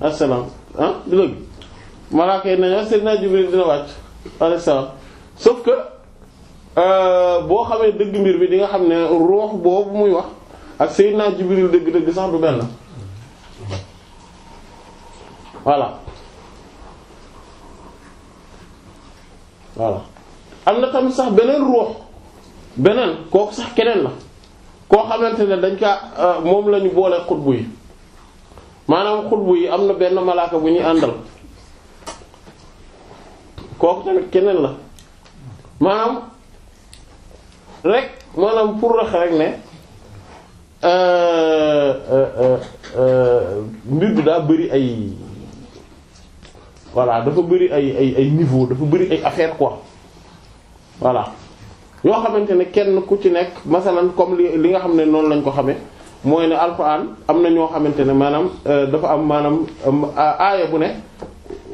asalaam ah du dëgg malaaka yi nañu ah, Seydina Jibril dina wàcc alayhi salaam sauf que euh, boo xamee dëgg mbir bi di nga xam ne ruux boobu muy wax ak Seydina Jibril dëgg-dëgg sax du benn. voilà voilà am na tamit sax beneen ruux beneen kooku sax keneen la koo xamante ne dañ kaa euh, moom la ñu boole xutbu yi maanaam xutbu yi am na benn malaaka bu ñuy àndal kooku tamit keneen la maanaam rek maanaam pour rax rek ne euh, euh, mbir daa bari ay voilà dafa bëri ay ay ay niveau dafa bëri ay affaire koi voilà yoo xamante ne kenn ku ci nekk masalan comme li li nga xam ne noonu lañ ko xamee mooy ne alxuraan am na ñoo xamante ne maanaam euh, dafa am maanaam aaya bu ne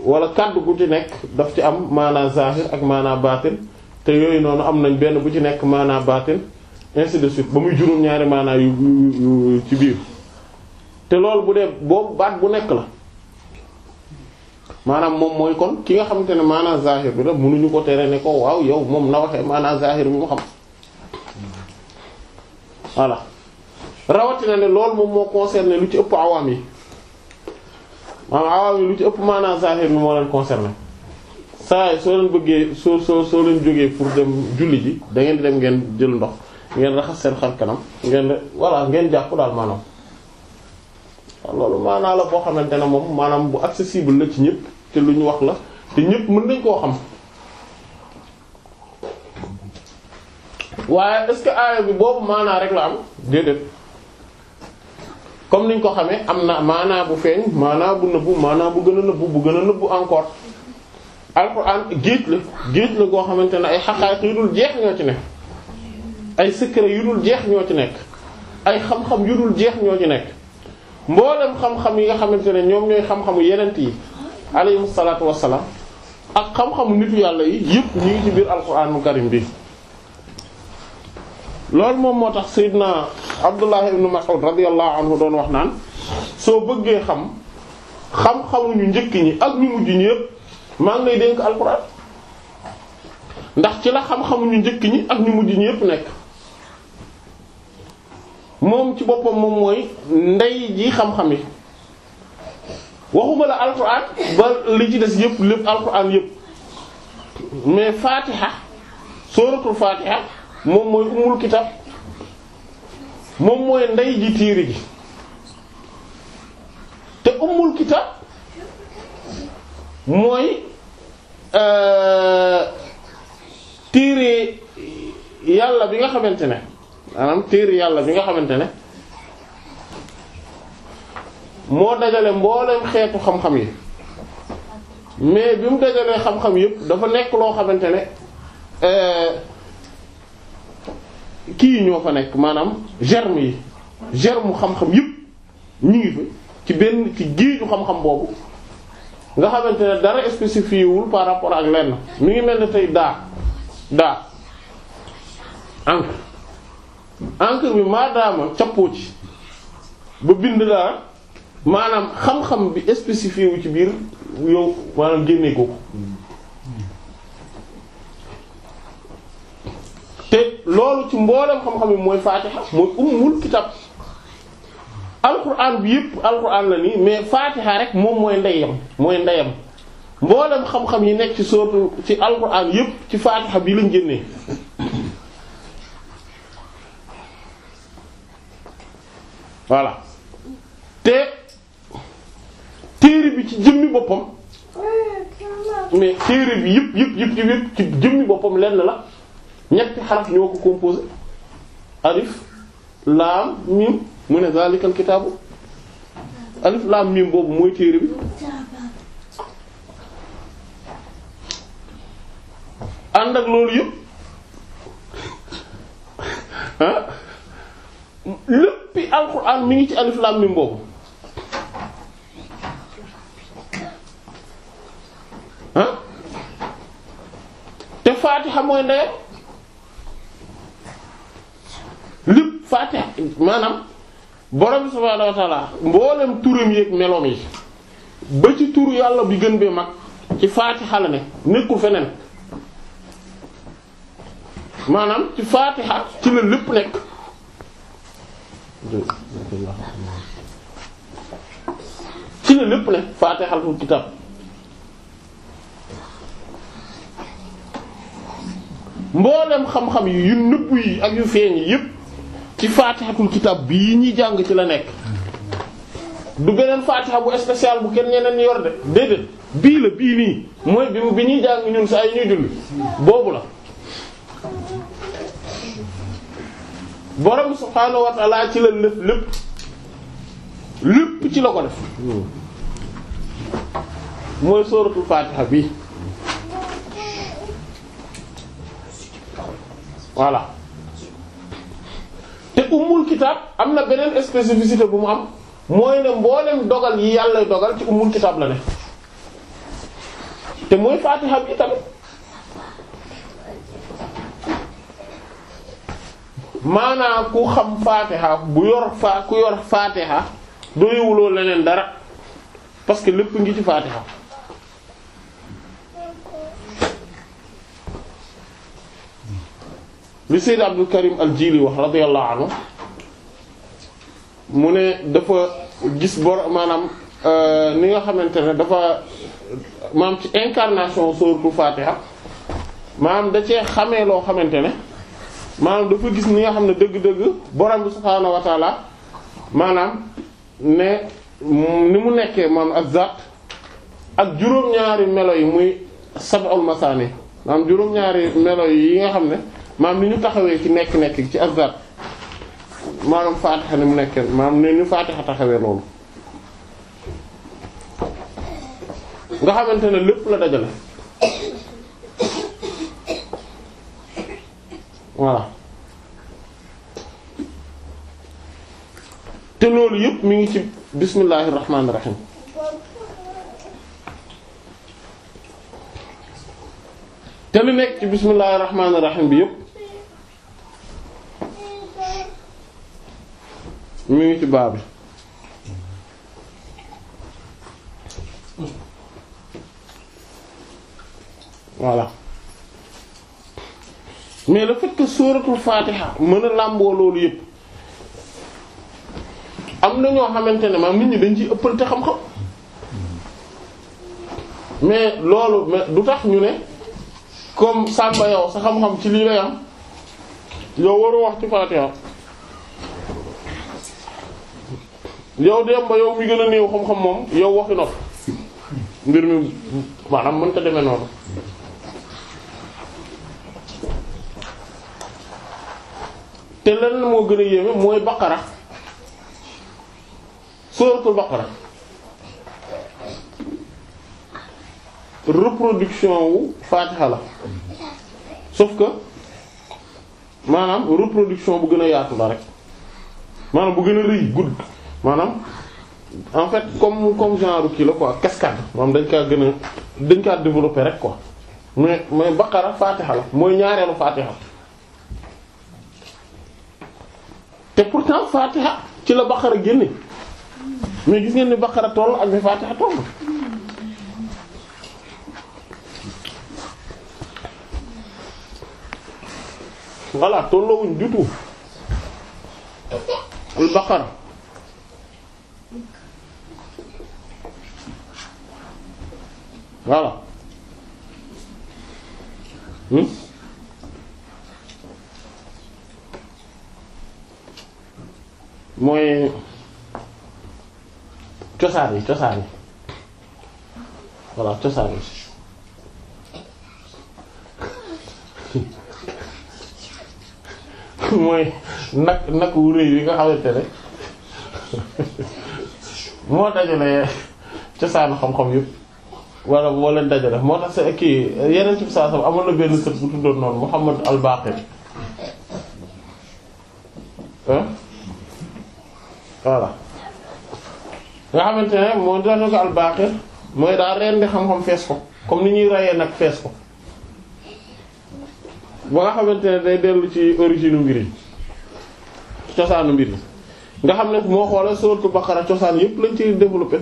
wala kàddu gu ci nekk daf ci am maanaa zahir ak maanaa baatin te yooyu noonu am nañ benn bu ci nekk maanaa baatin ainsi de suite ba muy juróom-ñaari maanaa yu ci biir te loolu bu dee boobu baat bu nekk la maanaam moom mooy kon ki nga xamante ne maanaam zahir bi nu ñu ko tere ne ko waaw yow moom na waxee maanaam zahir bi mu xam voilà rawatina ne loolu moom moo lu ci ëpp awaam yi maanaam ci ëpp maanaam zahir bi moo leen concerné saa yi bëggee soo soo soo leen jógee pour dem julli ji da ngeen di dem ngeen jël ndox ngeen raxas kanam ngeen voilà ngeen jàpp daal maanaam loolu maanaa la boo xamante ne moom maanaam bu accessible la ci ñëpp te lu ñu wax la te ñépp mën nañ koo xam waaye est que aaya bi boobu maanaa rek la am déedéet comme niñ ko xamee am na maanaa bu feeñ maanaa bu nëbbu maanaa bu gën a nëbbu bu gën a nëbbu encore alxuraan géej la géej la goo xamante ne ay xaqaayiq yu dul jeex ñoo ci nekk ay secret yu jeex ñoo ci nekk ay xam-xam yu dul jeex ñoo ci nekk mboolem xam-xam yi nga xamante ne ñoom ñooy xam-xamu yenent yi alayhi salaatu wassalaam ak xam-xamu nitu yàlla yi yëpp ñu ngi ci biir alquraanul karim bi loolu moom moo tax Seydina Abdullah ibn Mas'ud radiyallahu anhu doon wax naan soo bëggee xam xam-xamu ñu njëkk ñi ak ñu mujj ñi yëpp maa ngi lay dénk alquraan ndax ci la xam-xamu ñu njëkk ñi ak ñu mujj ñi yëpp nekk moom ci boppam moom mooy ndey ji xam-xam yi waxuma la alquran ba li ci des yëpp lépp alquran yëpp mais soo sooratul fatiha moom mooy umul kitab moom mooy ndey ji tiiri ji te umul kitab mooy euh, tiiri yàlla bi nga xamante ne maanaam tiiri yàlla bi nga xamante ne moo dajale mbooleem xeetu xam-xam yi mais bi mu dajalee xam-xam yëpp dafa nekk loo xamante ne euh, kii ñoo fa nekk maanaam germe yi germe xam-xam yëpp ñu ngi fa ci benn ci géeju xam-xam boobu nga xamante ne dara spécifié wul par rapport ak lenn mi ngi mel ne tey daa daa encre encre bi maadaama cappoo ci ba bind daa maanaam xam-xam bi spécifié wu ci biir yow maanaam génnee ko te loolu ci mboolem xam-xam bi mooy faatiha mooy ummul kitab alquran bi yëpp alquran la nii mais faatiha rek moom mooy ndeyam mooy ndeyam mboolem xam-xam yi nekk ci sootu ci alquran yëpp ci faatiha bi lañ génnee voilà te téere bi ci jëmmi boppam mais téere bi yëpp yëpp yëpp yëpp ci jëmmi boppam lenn la ñetti xaraf ñoo ko composé alif laam mim mu ne zalikal kitaabu alif laam mim boobu mooy téere bi ànd ak loolu yëpp ah léppi alxuraan mi ngi ci alif laam mim boobu ah te faatiha mooy ndeyam lépp faatiha maanaam borom subhaanahu wa mboolem turam yi meloom yi ba ci turu yàlla bi gën bee mag ci faati la ne nekkul feneen maanaam ci faatiha ci la lépp nekk. ci la lépp nekk faatihaatul kitaab. mboolem xam-xam yi yu nëbb yi ak yu feeñ yi yëpp ci faatixatul kitaab yi ñuy jàng ci la nekk du beneen faatixa bu spécial bu kenn ñeneen yor de déedéet bii la bii nii mooy bi bi ñuy jàng ñun saa yi ñuy julli boobu la borom subhaanahu wa ta'ala ci la lëf lépp lépp ci la ko def mooy sóoratul faatixa bii voilà te ummul kitaab am na beneen spécificité bu mu am mooy ne mboolem dogal yi yàlla dogal ci ummul kitaab la ne te mooy faatiha bi tamit maanaa ku xam faatiha bu yor fa ku yor leneen dara parce que lépp ngi ci faatiha li Seyd Abdul Karim al Jili wax radiyallahu anhu mu ne dafa gis bor maanaam euh, ni nga xamante ne dafa maam ci incarnation sóortu Fatiha maanaam da cee xamee loo xamante ne maanaam dafa gis ni nga xam ne dëgg-dëgg borom bi subhaanahu wa maanaam ne ni mu nekkee maanaam ak zat ak juróom-ñaari melo yi muy sab'ul masaani maanaam juróom-ñaari melo yi nga xam ne maanaam ni ñu taxawee ci nekk-nekk ci azar maanaam faatixa ni mu nekkee maanaam ne ñu faatixa taxawee loolu nga xamante ne lépp la dajale waaw te loolu yëpp mi ngi ci bismillahir rahmanir rahim te lu nekk ci bismillahir rahmanir rahim bi yëpp mi ngi ci baa bi mais la fekk que suuratul mën a làmboo loolu yépp am na ñoo xamante ne maam nit ñi dañ ciy ëppal te xam-xam mais loolu mais du tax ñu ne comme Samba yow sa xam-xam ci lii lay am yow waru wax ci Fatiha. yow dem ba yow mi gën a néew xam-xam moom yow waxi nopp mbir mi maanaam mënta deme noonu te lenn moo gën a yéeme mooy baqara suratul baqara reproduction wu fatiha la sauf que maanaam reproduction bu gën a yaatu la rek maanaam bu gën a rëy gudd maanaam en fait comme comme genre kii la quoi cascade moom dañ kaa gën a dañ kaa développer rek quoi mais mais Baqara Fatiha la mooy ñaareelu Fatiha te pourtant Fatiha ci la Baqara génne mais gis ngeen ni Baqara toll ak ni Fatiha toll. voilà tolloowuñ du tout al Baqara. voilà hmm? mooy cosaan yi cosaan yi voilà cosaan yi mooy nak nak wu rëy wi nga xamante ne moo dajale cosaan xam-xam yëpp wala moo leen dajale moo tax sa kii yeneen ci saa sama amoon na benn sët bu tuddoon noonu Muhammad al-Baqir nga xamante ne moo dañu ko mooy daa reen di xam-xam fees ko comme ni ñuy rayee nag fees ko ba nga xamante ne day dellu ci origine mbir yi cosaanu mbir yi nga xam ne moo xoolee suratul Baqara cosaan yépp lañ ci développé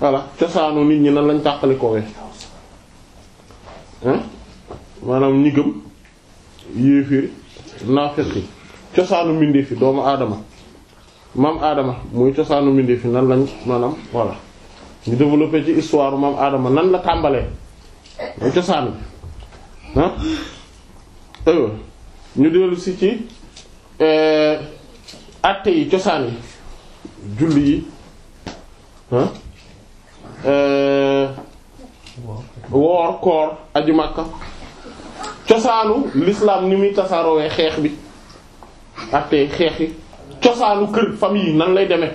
voilà cosaanu nit ñi nan lañ tàqali koowee maanaam ñi gëm yéeféer naafeqi cosaanu mbindee fi doomu aadama maam aadama muy cosaanu mbindee fi nan lañ maanaam voilà ñu développé ci histoire maam aadama nan la tàmbalee mooy cosaan bi ah ñu dellu ci àtte euh, yi cosaan yi julli yi woor koor aju Makka cosaanu lislaam ni muy tasaaroowee xeex bi attey xeex yi cosaanu kër famille nan lay deme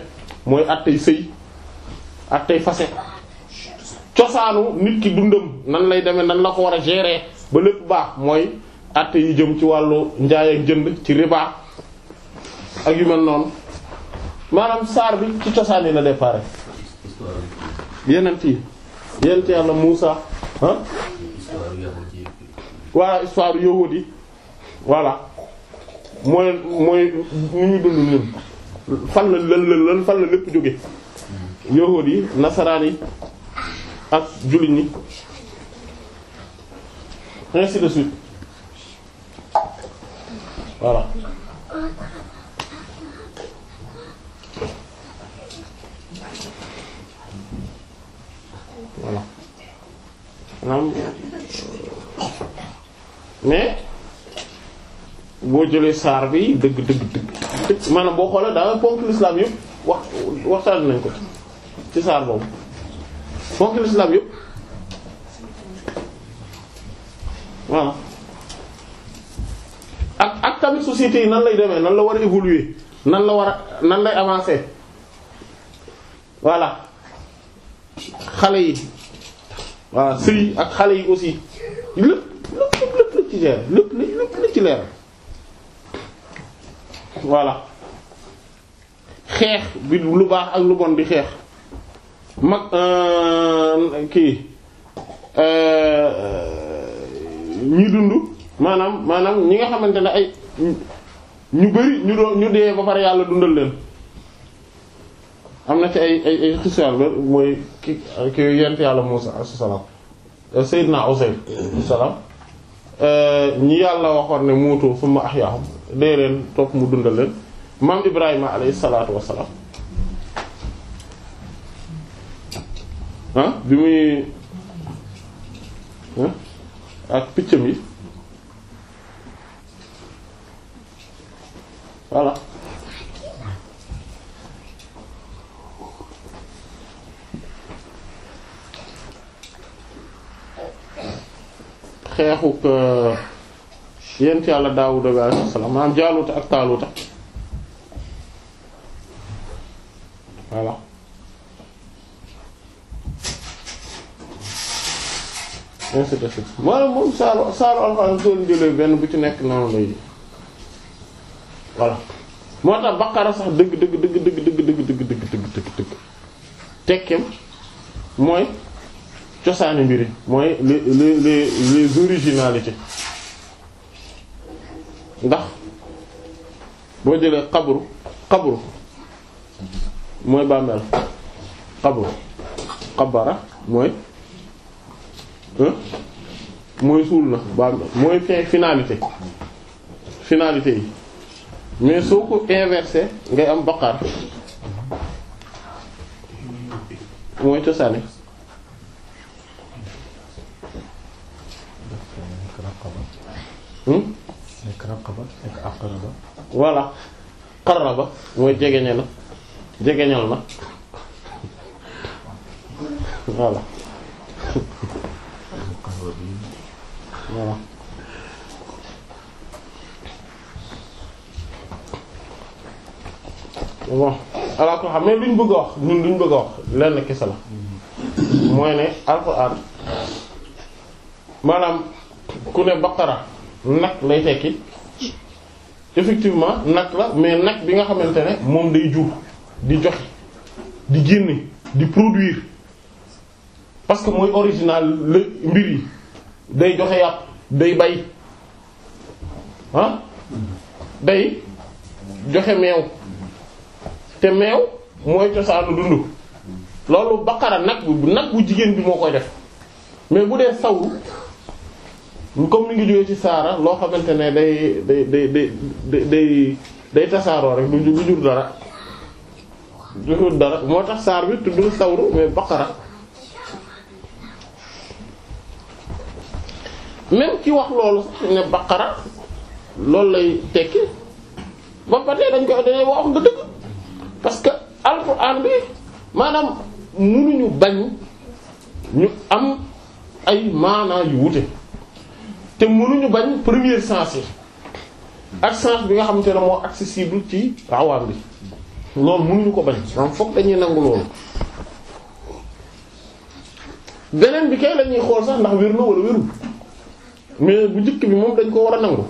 mooy attey sëy attey fase cosaanu nit ki dundam nan lay demee nan la ko war a gérer ba lépp baax mooy atte yi jëm ci wàllu njaay ak jënd ci riba ak yu mel noonu maanaam saar bi ci cosaan yi la départ yenent yi yenent yàlla Muusa ah waa histoire yahuud yi voilà mooy mooy ni ñu dund ñun fan la lan lan fan la lépp jóge yahuud yi nasaraan yi ak jullit ñi ainsi de suite voilà voilà mais boo jëlee saar bi dëgg dëgg dëgg maanaam boo xoolee daa ponk l'islam yëpp wax waxtaan nañ ko ci saar boobu ponk l'islam yëpp voilà ak ak tamit société yi nan lay demee nan la war a évoluer nan la war a nan lay avancer voilà xale yi waaw sëy ak xale yi aussi lépp lépp lépp la ci leer lépp lépp la ci leer voilà xeex bi lu baax ak lu bon di xeex mag euh, kii euh, ñi dund maanaam maanaam ñi nga xamante ne ay ñu bari ñu doon ñu dee ba pare yàlla dundal leen am na ci ay ay ay xisaar mooy ki ki yent yàlla Muusa salaam Seydina Usayr salaam euh, ñi yàlla waxoon ne muutu summa ahyaahum dee leen topp mu dundal leen maam Ibrahima alayhi salaatu ak piccam yi voilà xeexuk yent yàlla Daawuda bi alayhi salaam maanaam jaaluta ak taaluta voilà moom saaru saaru alxuraan doon jëlee benn bu ci nekk noonu lay voilà moo tax baqara sax dëgg dëgg dëgg dëgg dëgg dëgg dëgg dëgg dëgg dëgg tekkeem mooy cosaani mbiri mooy les les les originalités ndax boo jëlee xabru xabru mooy bàmmeel xabru xabara mooy mooy suul na bàmmeel mooy finalité finalité yi mais soo ko inversé ngay am baqaar mooy cosaani Hmm? nekk raqaba nekk aqraba voilà mooy jegeñe na jegeñal na voilà voilà bon alors que xam ne luñ bëgg a wax ñun luñ bëgg a wax lenn kese la mooy ne alxuraan maanaam ku ne baqara nag lay tekki effectivement nag la mais nag bi nga xamante ne moom day jur di joxe di génne di produire parce que mooy original la mbir yi day joxe yàpp day bay ah, day joxe meew te meew mooy cosaanu dund loolu baqara nag bu nag bu jigéen bi moo koy def mais bu dee saw comme mi ngi jógee ci saara loo xamante ne day day day day day tasaaroo rek du jur dara du jur dara moo tax saar bi tudd sawru mais baqara même ki wax loolu ne baqara loolu lay tekki ba ba tey dañ koy dañuy wax nga dëgg parce que alxuraan bi maanaam mënuñu bañ ñu am ay maanaa yu wute te mënuñu bañ première sens yi ak sens bi nga xam xamante ne moo accessible ci awaam bi loolu mënuñu ko bañ maanaam fokk dañuy nangu loolu beneen bi kay lañuy xool sax ndax wér na wérul mais bu njëkk bi moom dañ ko war a nangu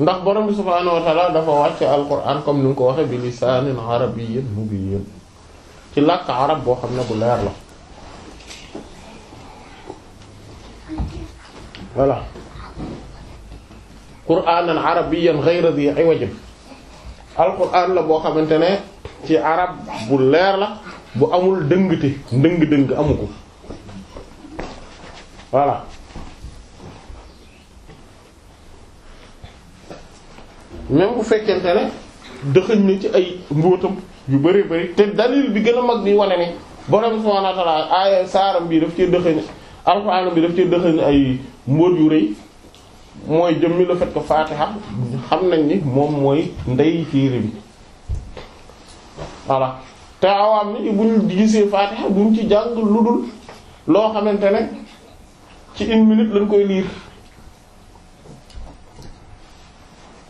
ndax borom bi subhaanahu wa ta'ala dafa wàcce alquran comme ni nga ko waxe bi lisaanin arabiyyin mubin ci làkk arab boo xam ne bu leer la voilà qur'aanan arabiyyan ghayra dhi iwajin alqur'aan la boo xamante ne ci arab bu leer la bu amul dëngte ndëng-dëng amu ko voilà même bu fekkente ne dëxëñ na ci ay mbóotam yu bari bari te dalil bi gën a mag bi wane ni borom subhaanahu wa ta'aala aaya saaram bii daf ci dëxëñ alxuraan bi daf ci dëxëñ ay mbóot yu rëy mooy jëmmi la fet ko faatiha xam nañ ni moom mooy ndey téere bi voilà te awaam ni buñ gisee faatiha buñ ci jàng lu dul loo xamante ne ci une minute lañ koy liir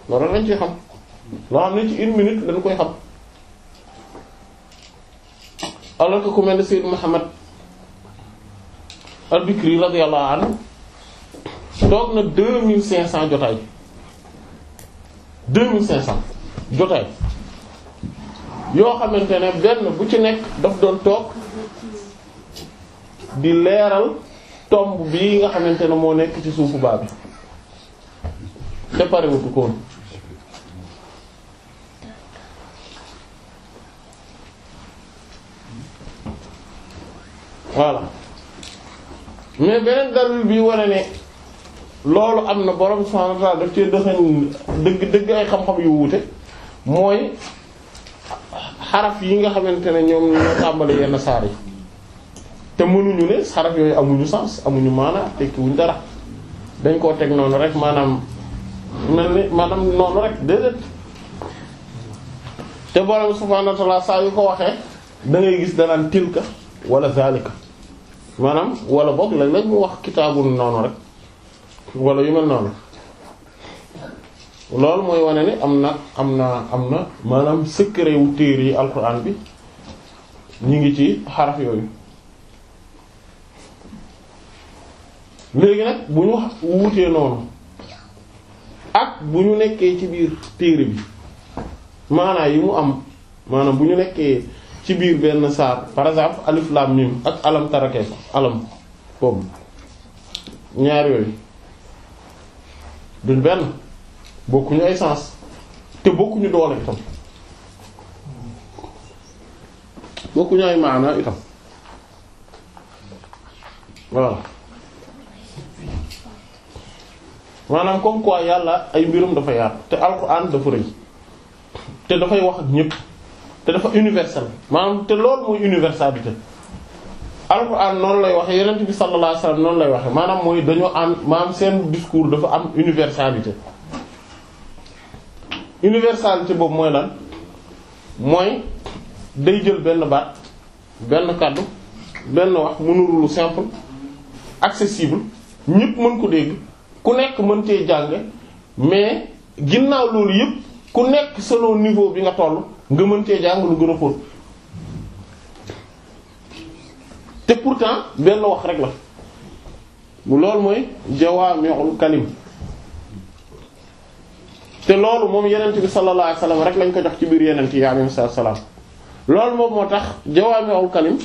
loolu lañ ci xam loo xam ne ci al-Bikri radiyallahu anhu toog na deux mille cinq cent jotaay yoo xamante ne benn bu ci nekk daf doon toog di leeral tomb bii nga xamante ne moo nekk ci suufu baa bi te parewutu koon voilà mais beneen dalil bi wane ne loolu am na boroom subhaanahu wa ta'aala daf cee dëxañ dëgg dëgg ay xam-xam yu wuute mooy xaraf yi nga xamante ne ñoom ñoo tàmbale yenn saar yi te mënuñu ne xaraf yooyu amuñu sens amuñu maana tekkiwuñ dara dañ koo teg noonu rek maanaam mel ni maanaam noonu rek déedéet te borom subhaanahu wa ta'aala saa yu ko waxee da ngay gis danaan tilka wala zalika maanaam wala boog léeg-léeg mu wax kitaabu noonu rek wala yu mel noonu loolu mooy wane ne am na am na am na maanaam secret wu téere yi alxuraan bi ñu ngi ci xaraf yooyu léegi nag bu ñu wuutee noonu ak bu ñu nekkee ci biir téere bi maanaa yi mu am maanaam bu ñu nekkee ci biir benn saar par exemple alif lam ak alam tarake alam boobu ñaar yooyu duñ benn bokkuñu ay sens te bokkuñu doole itam bokkuñu ay maana itam voilà maanaam comme quoi yàlla ay mbirum dafa yaatu te alxuraan dafa rëy te dafay wax ak ñépp dafa universel maanaam te loolu mooy universalité alxuraan noonu lay waxe yonent bi sallallahu alayhi wasallam noonu lay waxe maanaam mooy dañoo am maanaam seen discours dafa am universalité universalité boobu mooy lan mooy day jël benn baat benn kàddu benn wax mu nuru lu simple accessible ñépp mën ko dégg ku nekk mën cee jàng mais ginnaaw loolu yépp ku nekk selon niveau bi nga toll nga mën cee jàng lu gën a xóot te pourtant benn wax rek la loolu mooy jawaami'ul kalim te loolu moom yenent bi sallallahu alayhi wasallam rek lañ ko jox ci biir yenent yi alayhi salaam loolu moom moo tax jawaami'ul kalim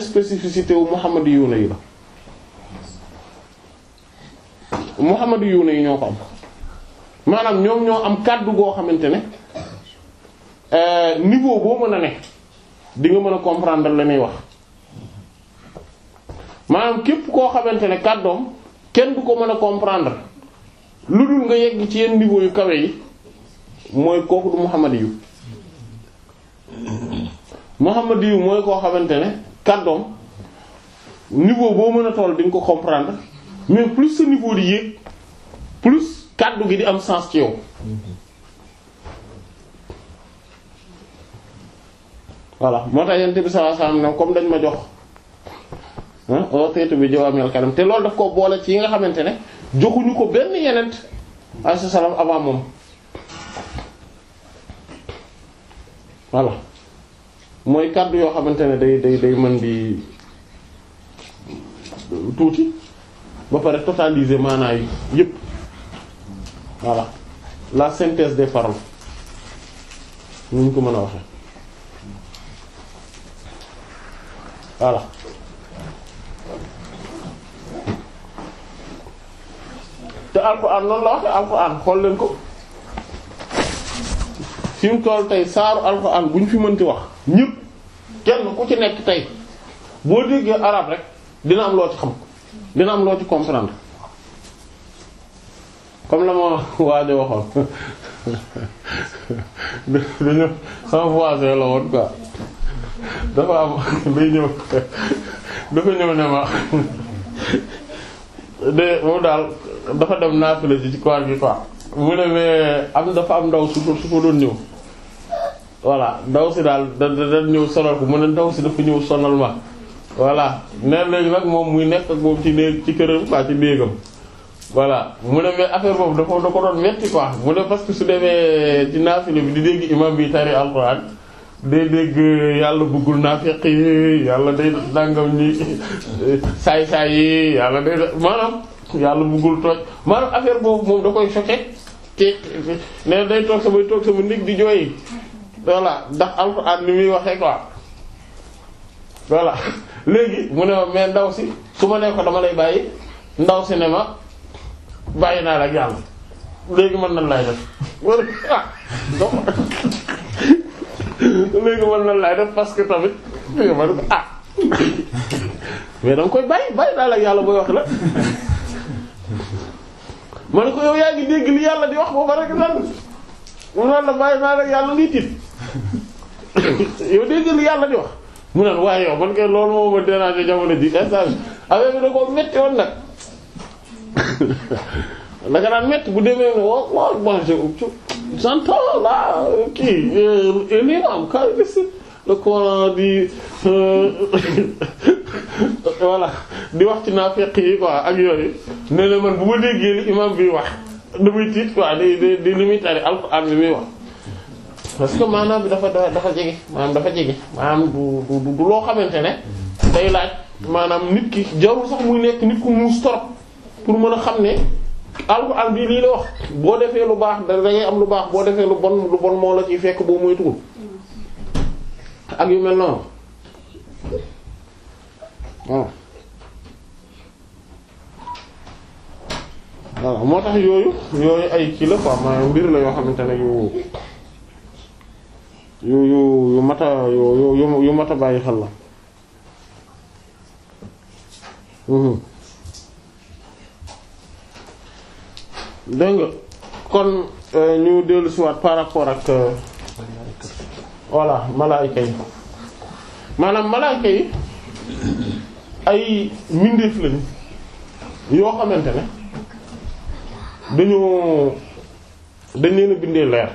spécificité wu muhammadiyuuna yi la muhammadiyuuna yi ñoo ko am maanaam ñoom ñoo am kàddu goo xamante ne Euh, niveau boo mën a ne di nga mën a comprendre la muy wax maanaam képp koo xamante ne kàddoom kenn du ko mën a comprendre lu dul nga yegg ci yenn niveau yu kawe yi mooy kooku du Muhammad yu Muhammad yu mooy koo xamante ne kàddoom niveau boo mën a tool di ko comprendre mais plus sa niveau di yéeg plus kàddu gi di am sens ci yow. voilà moo tax yonent bi sallallahu alayhi wasallam comme dañ ma jox ooteetu oh, bi jawaamil kalam te loolu daf ko boole ci yi nga xamante ne joxuñu ko benn yenent alayhi salaam avant moom voilà mooy kàddu yoo xamante ne day day day mën di tuuti ba pare totaliser maanaa yi yépp voilà la synthèse des paroles ñu ko mën a waxee voilà te alquran noonu la waxe alquran xool leen ko fi mu toll tey saaru alquran bu ñu fi mënti wax ñëpp kenn ku ci nekk tey boo déggee arab rek dina am loo ci xam dina am loo ci comprendre comme la ma waajo waxoon dañu sama voisin la woon quoi dafa am day ñëw dafa ñëw ne ma de moom daal dafa dem naafila ji ci koor gi quoi mu ne mais am dafa am ndaw su ko su ko doon ñëw voilà ndaw si daal da da ñëw sonal ko mu ne ndaw si dafa ñëw sonal ma voilà nee léegi nag moom muy nekk ak moom ci néeg ci këram quoi ci néegam voilà mu ne mais affaire boobu dafa da ko doon metti quoi mu ne parce su demee ci naafila bi di dégg imam bi tari alxuraan day dégg yàlla buggul naafeq yi yàlla day dàngam ñi saay-saay yi yàlla day maanaam yàlla bëggul tooj maanaam affaire boobu moom da koy choqué te ne day toog sama toog sama ndig di jooy voilà ndax alxuraan ni muy waxee quoi voilà léegi mu ne ma mais ndaw si su ma nee ko dama lay bàyyi ndaw si ne ma bàyyi naa la ak yàlla léegi man nan laay def léegi man nan laay def parce que tamit léegi ko def ah mais danga koy bàyyi bàyyi daal ak yàlla booy wax la ma ko yow yaa ngi dégg li yàlla di wax booba rek lan mu naan la bàyyi naa rek yàlla lii yow dégg li yàlla di wax mu naan waaye yow man kay loolu moo ma déranger jamono ji instant bi affaire bi da koo métti woon nag da nga naan bu demee ne waaw waaw bon j'entends là euh, euh, di euh, voilà di wax ci naafeq yi quoi ak yooyu ne la man bu ma déggee li imam bi wax damay tiit quoi di di di li muy tari muy wax. parce que maanaam bi dafa dafa jege maanaam dafa jege maanaam du du du loo xamante ne day laaj maanaam nit ki jarul sax muy nekk nit ku muus torop pour mën a xam ne. alxuraan bii lii la wax boo defee lu baax da ngay am lu baax boo defee lu bon lu bon moo la ciy fekk boo moytuwul ak yu mel noonu waaw moo tax yooyu yooyu ay kii la quoi maanaam mbir la yoo xamante ne yu yu yu yu mat a yu yu yu mat bàyyi xel la. Hmm. dégg nga kon euh, ñu dellu si waat par rapport ak euh, voilà malaayka yi maanaam malaayka yi ay mindeef lañu yoo xamante ne dañoo dañ leen bindee leer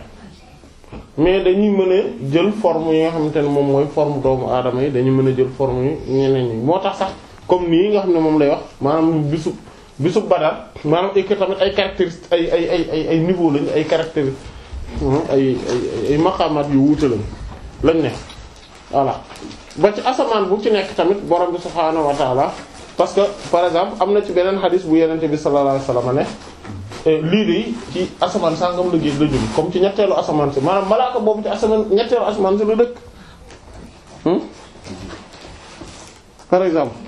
mais dañuy mën a jël forme yi nga xamante ne moom mooy forme doomu aadama yi dañuy mën a jël forme yi ñeneen ñi moo tax sax comme nii nga xam ne moom lay wax maanaam bisu bisu Badar maa ay kër tamit ay caractéristiques ay ay ay ay ay niveau lañ ay caractéristiques hmm, ay ay yu wuute lañ lañ ne voilà ba ci asamaan bu ci nekk tamit borom bi subhaanahu wa taala parce que par exemple am na ci beneen xadis bu yenente bi sallallahu alayhi wasallam ne eh, lii de ci asamaan sangam la gis la jóg comme ci ñetteelu asamaan si maanaam malaaka boobu ci asamaan ñetteelu asamaan si la dëkk hmm? par exemple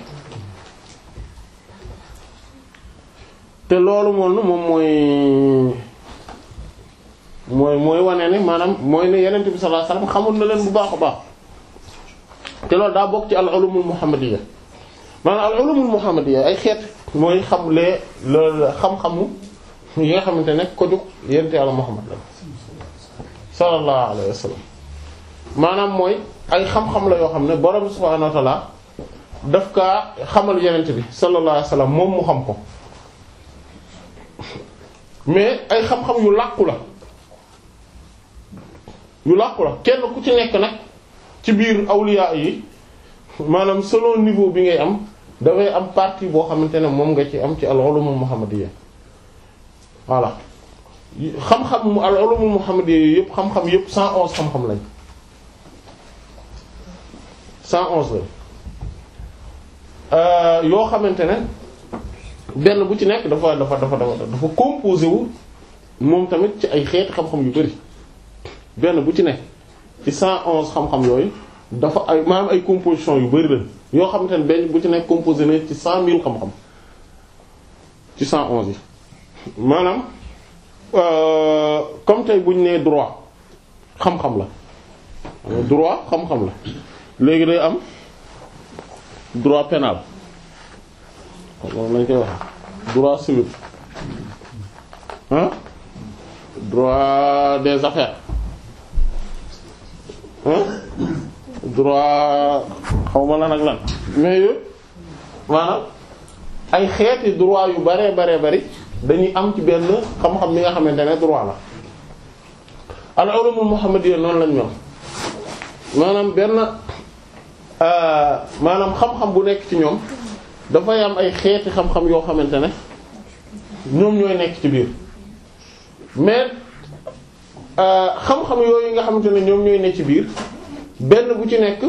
te loolu moom moom mooy mooy mooy wane ne maanaam mooy ne yeneen bi sallallahu alayhi wasallam na leen bu baax a baax te loolu daa bokk ci al ulumul muhammadiyya maanaam al ulumul muhammadiyya ay xeet mooy xam yi nga xamante ne ko Yàlla Muhammad la mooy ay xam-xam la yoo xam ne borom subhaanahu wa daf kaa xamal yonent bi sallallahu alayhi wasallam moom mu xam ko. mais ay xam-xam yu làqu la yu làqu la kenn ku ci nekk nag ci biir awliya yi maanaam solo niveau bi ngay am dafay am partie boo xamante ne moom nga ci am ci al-ulum al-muhammadiyya voilà xam-xam al-ulum al-muhammadiyya yëpp xam-xam yëpp 111 xam-xam lañ 111 lañ euh, yoo xamante ne. benn bu ci nekk dafa dafa dafa dafa dafa composé wu moom tamit ci ay xeeti xam-xam yu bari benn bu ci nekk ci 111 xam-xam yooyu dafa ay maanaam ay composition yu bëri la yoo xamante ne benn bu ci nekk composé na ci 100000 xam-xam ci 111 yi maanaam euh, comme tey bu ñu nee droit xam-xam la droit xam-xam la léegi day am droit pénal. loolu lañ koy wax droit civil hein droit des affaires hein droit xaw ma lan ak lan mais yooyu maanaam ay xeeti droit yu bare bare bari dañuy am ci benn xam-xam bi nga xamante ne droit la al ulumul muhammadiyya noonu lañ mel maanaam benn euh, maanaam xam-xam bu nekk ci ñoom dafay am ay xeeti xam-xam yoo xamante ne ñoom ñooy nekk ci biir mais euh, xam-xam yooyu nga xamante ne ñoom ñooy nekk ci biir benn bu ci nekk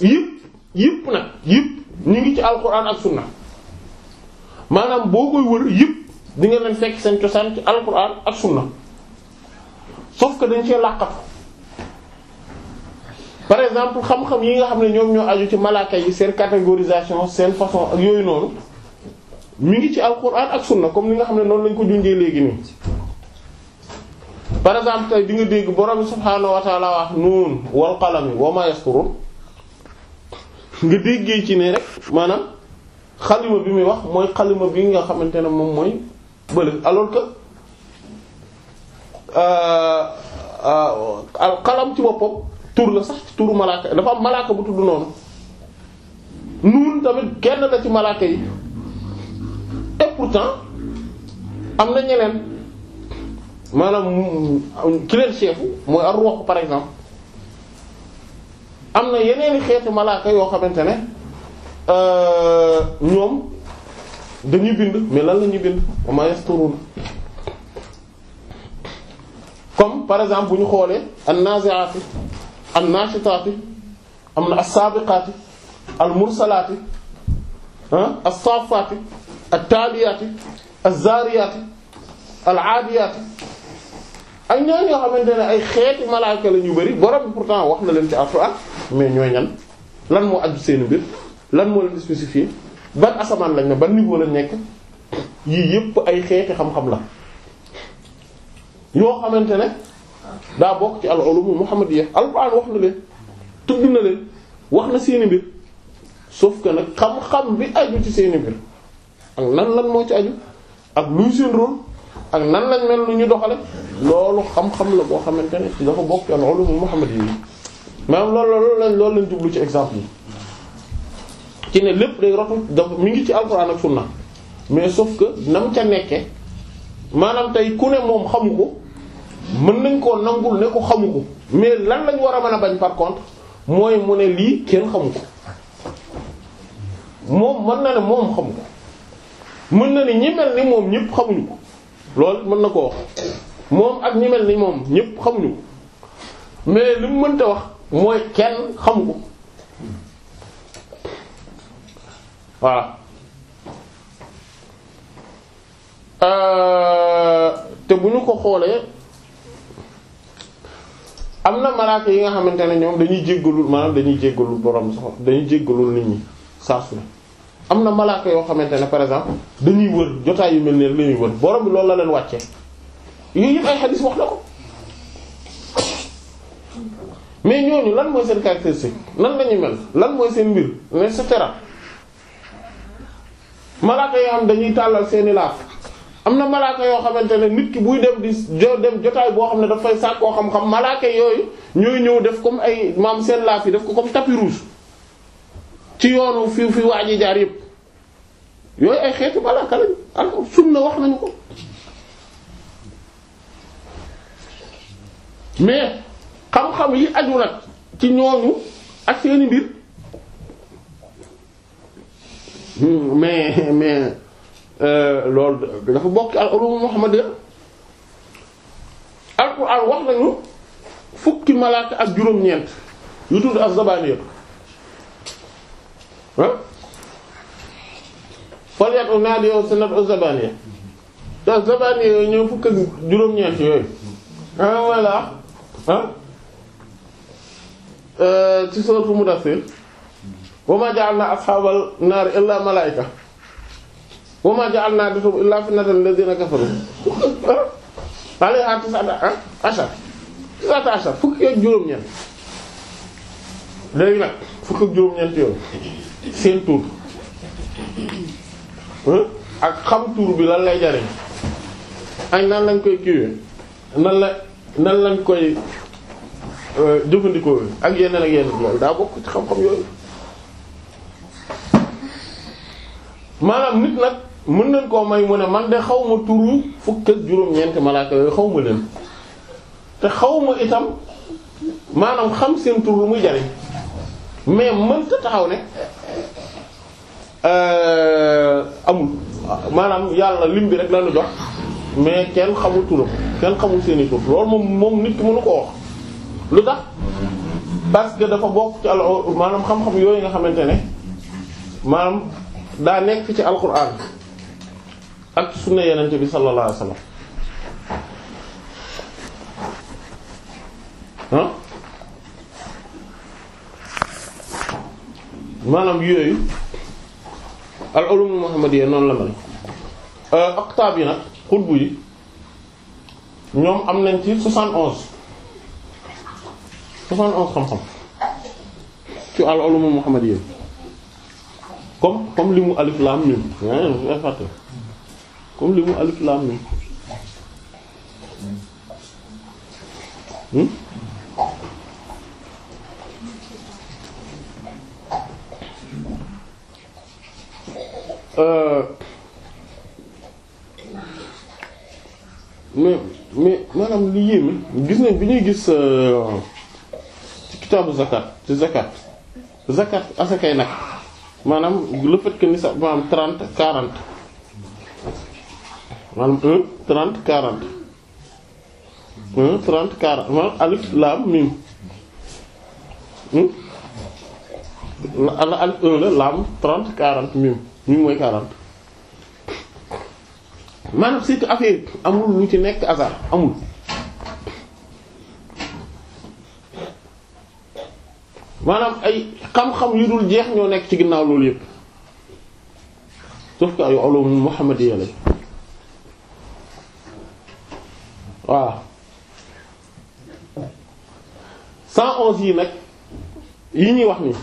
yëpp yëpp nag yëpp ñu ngi ci alquran ak sunna maanaam boo koy wër yëpp dinga nga leen fekk seen cosaan ci alquran ak sunna sauf que dañ cee làqatu par exemple xam-xam yi nga xam ne ñoom ñoo aju ci malaaka yi seen catégorisation seen façon ak yooyu noonu mi ngi ci alquran ak sunna comme li nga xam ne noonu lañ ko junjee léegi nii par exemple tey di nga dégg borom subhaanahu wa wax nuun wal qalami wa ma yasturun nga déggee ci ne rek maanaam xalima bi muy wax mooy xalima bi nga xamante ne moom mooy bële alors que euh, euh, al qalam ci boppam tur la sax ci turu malaaka dafa am malaaka bu tudd noonu nuun tamit kenn la ci malaaka yi et pourtant am na ñeneen maanaam mm, ki leen chefu mooy ar ruux par exemple am na yeneeni xeetu malaaka yoo xamante ne euh, ñoom dañuy bind mais lan la ñuy bind ma yasturuna comme par exemple bu ñu xoolee an-nazi'ati an naashitaati am na as-saabiqaati al mursalaati as-saafaati at-taaliyaati az-zaariyaati al-aadiyaati ak ñooñu yoo xamante ne ay xeeti malaaka la ñu bari borom bi pourtant wax na leen ci Alxuraan mais ñoo ñan lan moo aju seen mbir lan moo leen spécifié ban asamaan lañ ne ban niveau lañ nekk yii yépp ay xeeti xam-xam la yoo xamante ne. daa bokk ci al ulum muhammadiyya alquran wax na leen tudd na leen wax na seeni mbir sauf que nag xam-xam bi aju ci seeni mbir ak nan lan moo ci aju ak luy seen ak nan lañ mel lu ñu doxale loolu xam la boo xamante ne dafa bokk ci al ulum muhammadiyya maanaam loolu loolu lañ loolu lañ jublu ci exemple yi ci ne lépp day rotu dafa mi ngi ci alquran ak sunna mais sauf que nam ca nekke maanaam tey ku ne moom xamu ko mën nañ koo nangul ne ko xamu ko mais lan lañ war a man a bañ par contre mooy mu ne lii kenn xamu ko moom mën na ne moom xamu ko mën na ne ñi mel ni moom ñëpp xamuñu ko loolu mën na ko wax moom ak ñi mel ni moom ñëpp xamuñu ko mais li mu mënta wax mooy kenn xamu ko voilà euh, te bu ñu ko xoolee am na malaaka yi nga xamante ne ñoom dañuy jéggalul maanaam dañuy jéggalul borom sax dañuy jéggalul nit ñi saa su am na malaaka yoo xamante ne par exemple dañuy wër jotaay yu mel ne lañuy wër borom bi loolu la leen wàcce yooyu yëpp ay xadis wax na ko mais ñooñu lan mooy seen caractéristique nan lañuy mel lan mooy seen mbir et cetera malaaka yoo xam dañuy tàllal seeni laaf am na malaaka yoo xamante ne nit ki buy dem di jo dem jotaay boo xam ne dafay sàkkoo xam-xam malaaka yooyu ñooy ñëw def comme ay maam seen laaf yi def ko comme tapis rouge ci yoonu fi fi waaji jaar yëpp yooyu ay xeetu malaaka lañ al sunna wax nañu ko mais xam-xam yi aju nag ci ñooñu ak seeni mbir hmm, mais mais Euh, loolu dafa bokk al ulum muhammadiyya alquran wax nañu fukki malaaka ak juróom-ñeent yu tudd az-zabaniyya ah falyad'u naadiyahu sanad'u az-zabaniyya te az-zabaniyya yooyu ñoo fukk ak juróom-ñeent yooyu ah voilà ah ci sourate Mudaththir wa ma ja'alna ashaabal naari illaa malaa'ika wa ma ja'alna lakum illa fitnatan lillazina kafaru ah, alayha tis'ata ashar tis'ata ashar fukki ak nag fukki ak juróom-ñeent xam tur bi lan lay jariñ ak nan lañ koy kiiwee nan la nan lañ koy euh, jëfandikoo ak yeneen ak yeneen loolu daa bokk ci xam-xam yooyu maanaam nit nag mën nañ koo may mu ne man de xaw ma turu fukk ak juróom-ñeenti malaaka yooyu xaw ma leen te xaw ma itam maanaam xam seen tur lu muy jariñ mais mënta taxaw ne euh, amul maanaam yàlla lim bi rek lañu dox mais kenn xamul turam kenn xamul seeni tur loolu moom moom nit ki mënu ko wax lu tax parce que dafa bokk ci al maanaam xam-xam yooyu nga xamante ne maanaam daa nekk ci alquran ak sunna yenente bi sallallahu alayhi wasallam ah maanaam yooyu al ulum muhammadiyya noonu la mel aqtaab euh, yi nag xutbu yi ñoom am nañ ci soixante onze soixante onze xam-xam ci al ulum muhammadiyya comme comme li mu alif lam mim fàtte comme li mu alif laam mi hmm? euh, mais maanaam li yéeme gis nañ bi ñuy gis euh, ci kitaabu zakat ci zakat zakat asakay nag maanaam le fait que ni sax maanaam trente quarante maanaam trent 30 40 1 maanaam alif laam miim hmm? la alif 1 la laam 30 40 miim miim mooy 40 maanaam surtout affaire amul lu ci nekk hasard amul maanaam ay xam-xam yu dul jeex ñoo nekk ci ginnaaw loolu yëpp sauf que ay ulum muhammadiyya waaw cent onze yi nag yi ñuy wax nii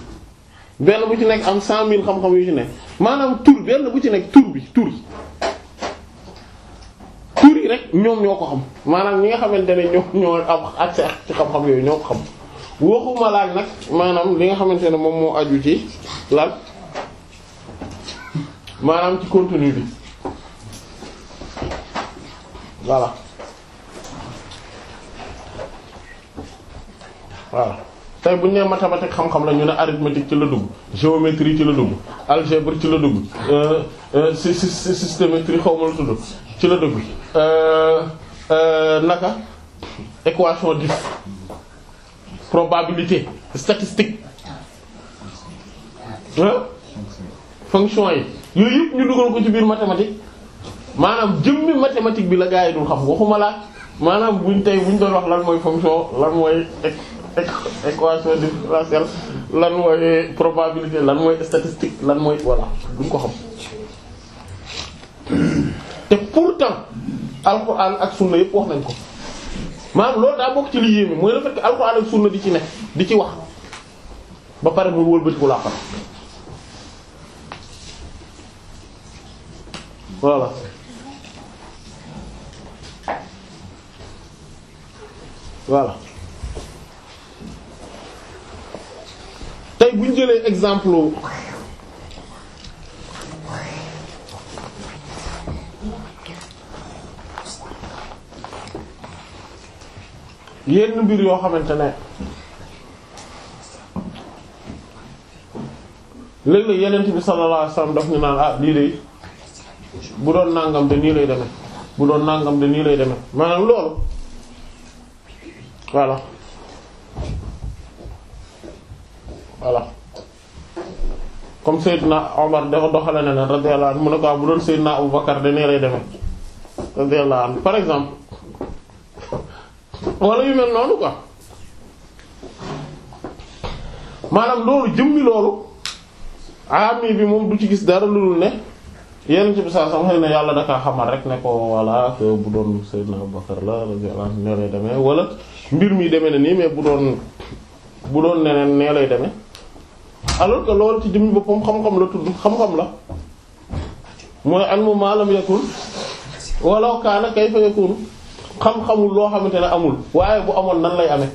benn bu ci nekk am cent mille xam-xam yu ci nekk maanaam tur benn bu ci nekk tur bi tur yi yi rek ñoom ñoo ko xam maanaam ñi nga xamante ne ñoom ñoo am accès ci xam-xam yooyu ñoo ko xam waxuma laaj nag maanaam li nga xamante ne moom moo aju ci lan maanaam ci contenu bi voilà waaw tey bu ñu nee mathématique xam-xam la ñu ne arithmétique ci la dugg géométrie ci la dugg algèbre ci la dugg si euh, euh, si systémétrie xaw ci la dugg euh, naka équation dif probabilité statistique fonction yi yooyu yëpp ñu dugal ko ci biir mathématique maanaam jëmmi mathématique bi la gaa yi dul xam waxuma la maanaam buñ tey buñ doon wax lan mooy fonction lan mooy équation différentielle lan mooy probabilité lan mooy statistique lan mooy voilà duñ ko xam te pourtant alxuraan ak sunna yëpp wax nañ ko maanaam loolu daa bokk ci li yéeme mooy le fait que alxuraan ak sunna di ci nekk di ci wax ba pare mu wëlbati ko laaxal voilà voilà tey bu ñu jëlee exemple yenn mbir yoo xamante ne léeg-léeg yenent bi sallallahu alayhi wasallam daf ñu naan ah lii lay bu doon nangam de nii lay demee bu doon nangam de lay demee maanaam loolu voilà voilà comme Seydina Omar dafa doxale ne leen radiyallahu mu ne ko ah, bu doon Seydina Abu Bakar de nii lay demee radiyallahu par exemple wala yu mel noonu quoi maanaam loolu jëmmi loolu ami bi moom du ci gis dara lu dul ne yenn ci saa sax xëy na yàlla dakaa xamal rek ne ko voilà bu doon Seydina Abu Bakar la radiyallahu nee lay demee wala mbir mi demee na nii mais bu doon bu doon neneen nee lay demee alors que loolu ci jëmmi boppam xam-xam la tudd xam-xam la mooy an mu maalam yakun walaw kaana kayfa yakun xam-xamul loo xamante ne amul waaye bu amoon nan lay ame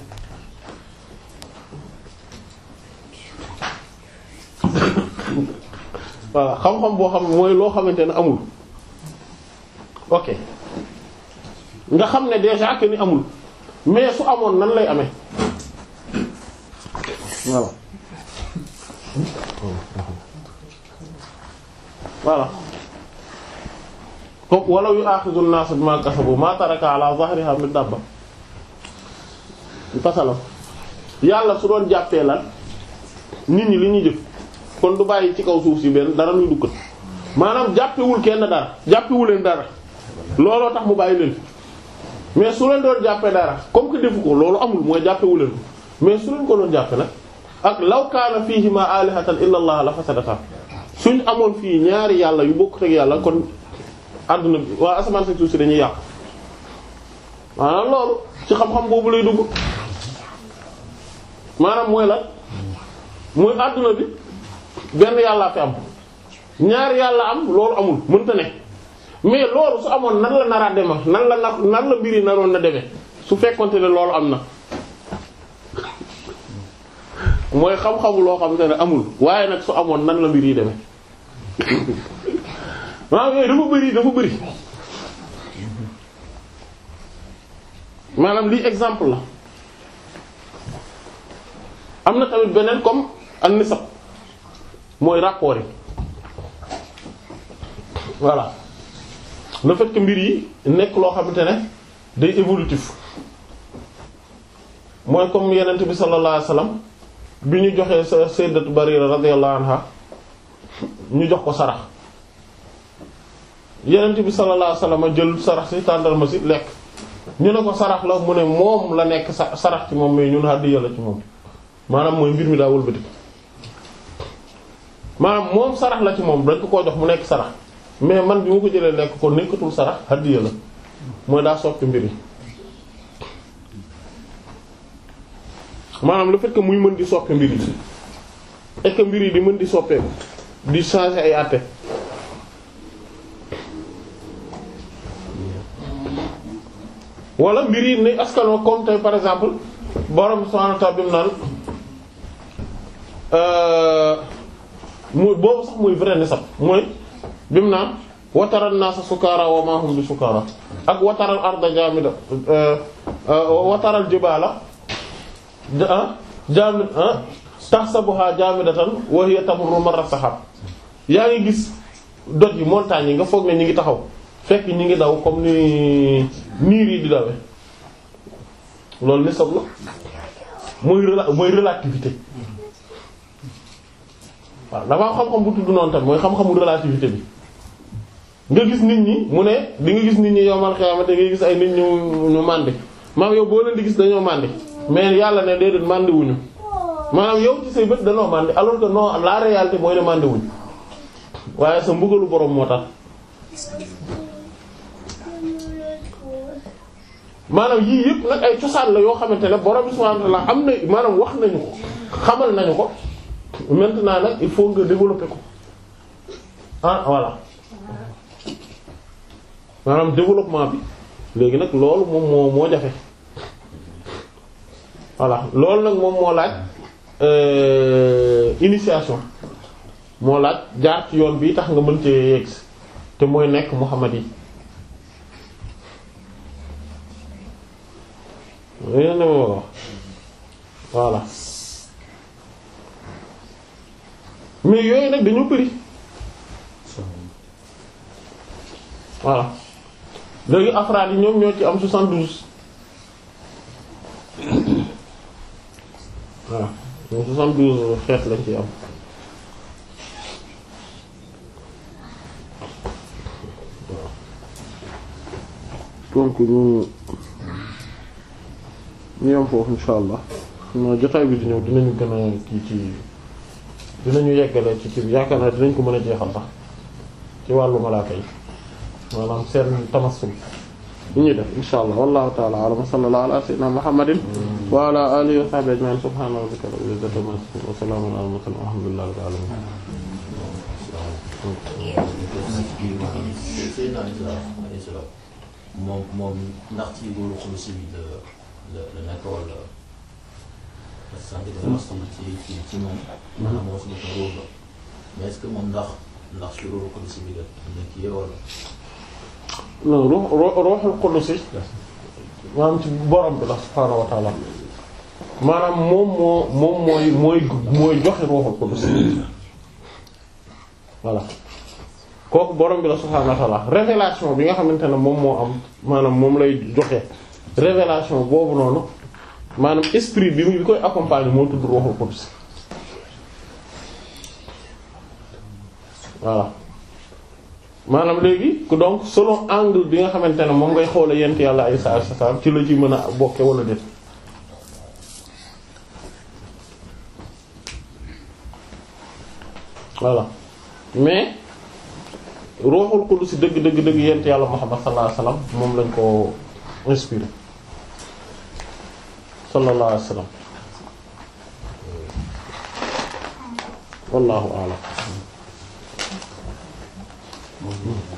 voilà xam-xam boo mooy loo xamante ne amul ok nga xam ne déjà que ni amul mais su amoon nan lay amee voilà voilà comme walaw yu aaxizu naasa bimaa kasabu maa taraka ala zahriha min dabba pasalam yàlla su doon jàppee lan nit ñi li ñuy jëf kon du bàyyi ci kaw suuf si benn dara luy dukkat maanaam jàppewul kenn dara jàppewu leen dara looloo tax mu bàyyi leen mais su leen doon jàppee dara comme que defu ko loolu amul mooy jàppewu leen mais su leen ko doon jàppe nag ak law kaana fiihimaa aalihatan illa allah la fasadataa suñ amoon fii ñaari yàlla yu bokk ak yàlla kon àdduna bi waa asamaan si suuf si dañuy yàqu maanaam loolu ci xam-xam boobu lay dugg maanaam mooy la mooy àdduna bi benn yàllaa fi am ñaari yàlla am loolu amul mënta ne mais loolu su amoon nan la nara dema nan la nan la mbiri naroon na demee su fekkonte ne loolu am na mooy xam-xamu loo xamante ne amul waaye nag su amoon nan la mbir yi demee maanaam yooyu lii exemple la am na tamit beneen comme an nisab mooy rapport yi voilà le fait mbir yi nekk loo xamante ne day évolutif mooy comme yenent bi sallallahu alayhi wasallam bi ñu joxee sa sayyidatu Barira radiyallahu anha ñu jox ko sarax yenent bi sallallahu alayhi wasallam jël sarax si tàndarma si lekk ñu ne ko sarax la mu ne moom la nekk sa sarax ci moom mais ñun hadiya la ci moom maanaam mooy mbir mi daa wëlbati maanaam moom sarax la ci moom dañ ko koo jox mu nekk sarax mais man bi mu ko jëlee lekk ko nekkatul sarax hadiya la mooy daa soppi mbir yi maanaam lu fekk muy mën di soppe mbir yi est mbir yi di mën di soppeeku di changer ay àtte wala mbir yi ne askanoo comme tey par exemple borom subhanahu wa ta'ala bi mu naan euh, muy boobu sax muy vrai sax mooy bi naan wataral naasa sukaara wa ma hum sukaara ak wataral arda jaamida euh, euh, wataral jibaala ah jaami ah tahsabuha jaamidatan wa hiya tamurru marra sahab yaa ngi gis doj yi montagne yi nga foog ne ñu ngi taxaw fekk ñi ngi daw comme ni niir yi di dawe loolu nisab la mooy rela mooy relativité waaw dafa am xam-xam bu tudd noonu tam mooy xam-xamu relativité bi nga gis nit ñi mu ne di nga gis nit ñi yow man xeexamate nga gis ay nit ñu ñu màndi maam yow boo leen di gis dañoo màndi mais yàlla ne déedéet màndiwuñu maanaam yow ci say bët danoo màndi alors que non la réalité mooy ne màndiwuñu waaye sa mbugalu boroom moo tax maanaam yii yëpp nag ay cosaan la yoo xamante ne borom subhanahu wa am na maanaam wax nañu xamal nañu ko maintenant nag il faut nga développer ko ah voilà maanaam développement bi léegi nag loolu moom moo moo jafe. voilà loolu nag moom moo laaj euh, initiation moo laaj jaar ci yoon bi tax nga mën cee yegg te mooy nekk muhammad yi voilà mais yooyu nag dañu bëri voilà léegi afraad yi ñoom ñoo ci am soixante-douze waaw ñun soixante-douze xeet lañ ci am waaw donc ñu ñu am foofu insha allah non jotaay bi di ñëw dinañu gën a kii ci dinañu yeggale ci kii yaakaar naa dinañ ko mën a jeexal sax ci wàllu malaaka yi maanaam seen tamasul li ñuy def insha allah wallahu ta'ala a'lam wa sallallahu ala sayyidina muhammadin wa ala alihi wa sahbihi ajma'in subhana rabbika rabbil izzati amma yasifun wa salamun ala al-mursalin walhamdulillahi rabbil alamin moom moom ndax ci góorlu xolu si bi la la la nekk wala sant ci ci ci moom. maanaam moo si nekk rôle la mais est-ce que moom ndax ndax ci góorlu xolu si bi la nekk wala. loolu ruuxul qudus maanaam ci borom bi la subhaanahu wa ta'aala maanaam moom moo mooy mooy mooy joxe ruuxul qudus voilà kooku borom bi la subhaanahu wa ta'aala révélation bi nga xamante ne moom moo am maanaam moom lay joxe révélation boobu noonu maanaam esprit bi bi koy accompagner moo tudd ruuxul qudus voilà maanaam léegi ku donc solo angle bi nga xamante ne moom ngay xoole yent yàlla ay sa sa ci la ci mën a bokke wala déet voilà mais ruuxul qudus dëgg dëgg dëgg yent yàlla Muhammad sallallahu alayhi wasallam moom lañ ko inspiré sallallahu alayhi wasallam wallahu a'lam Mm-hmm.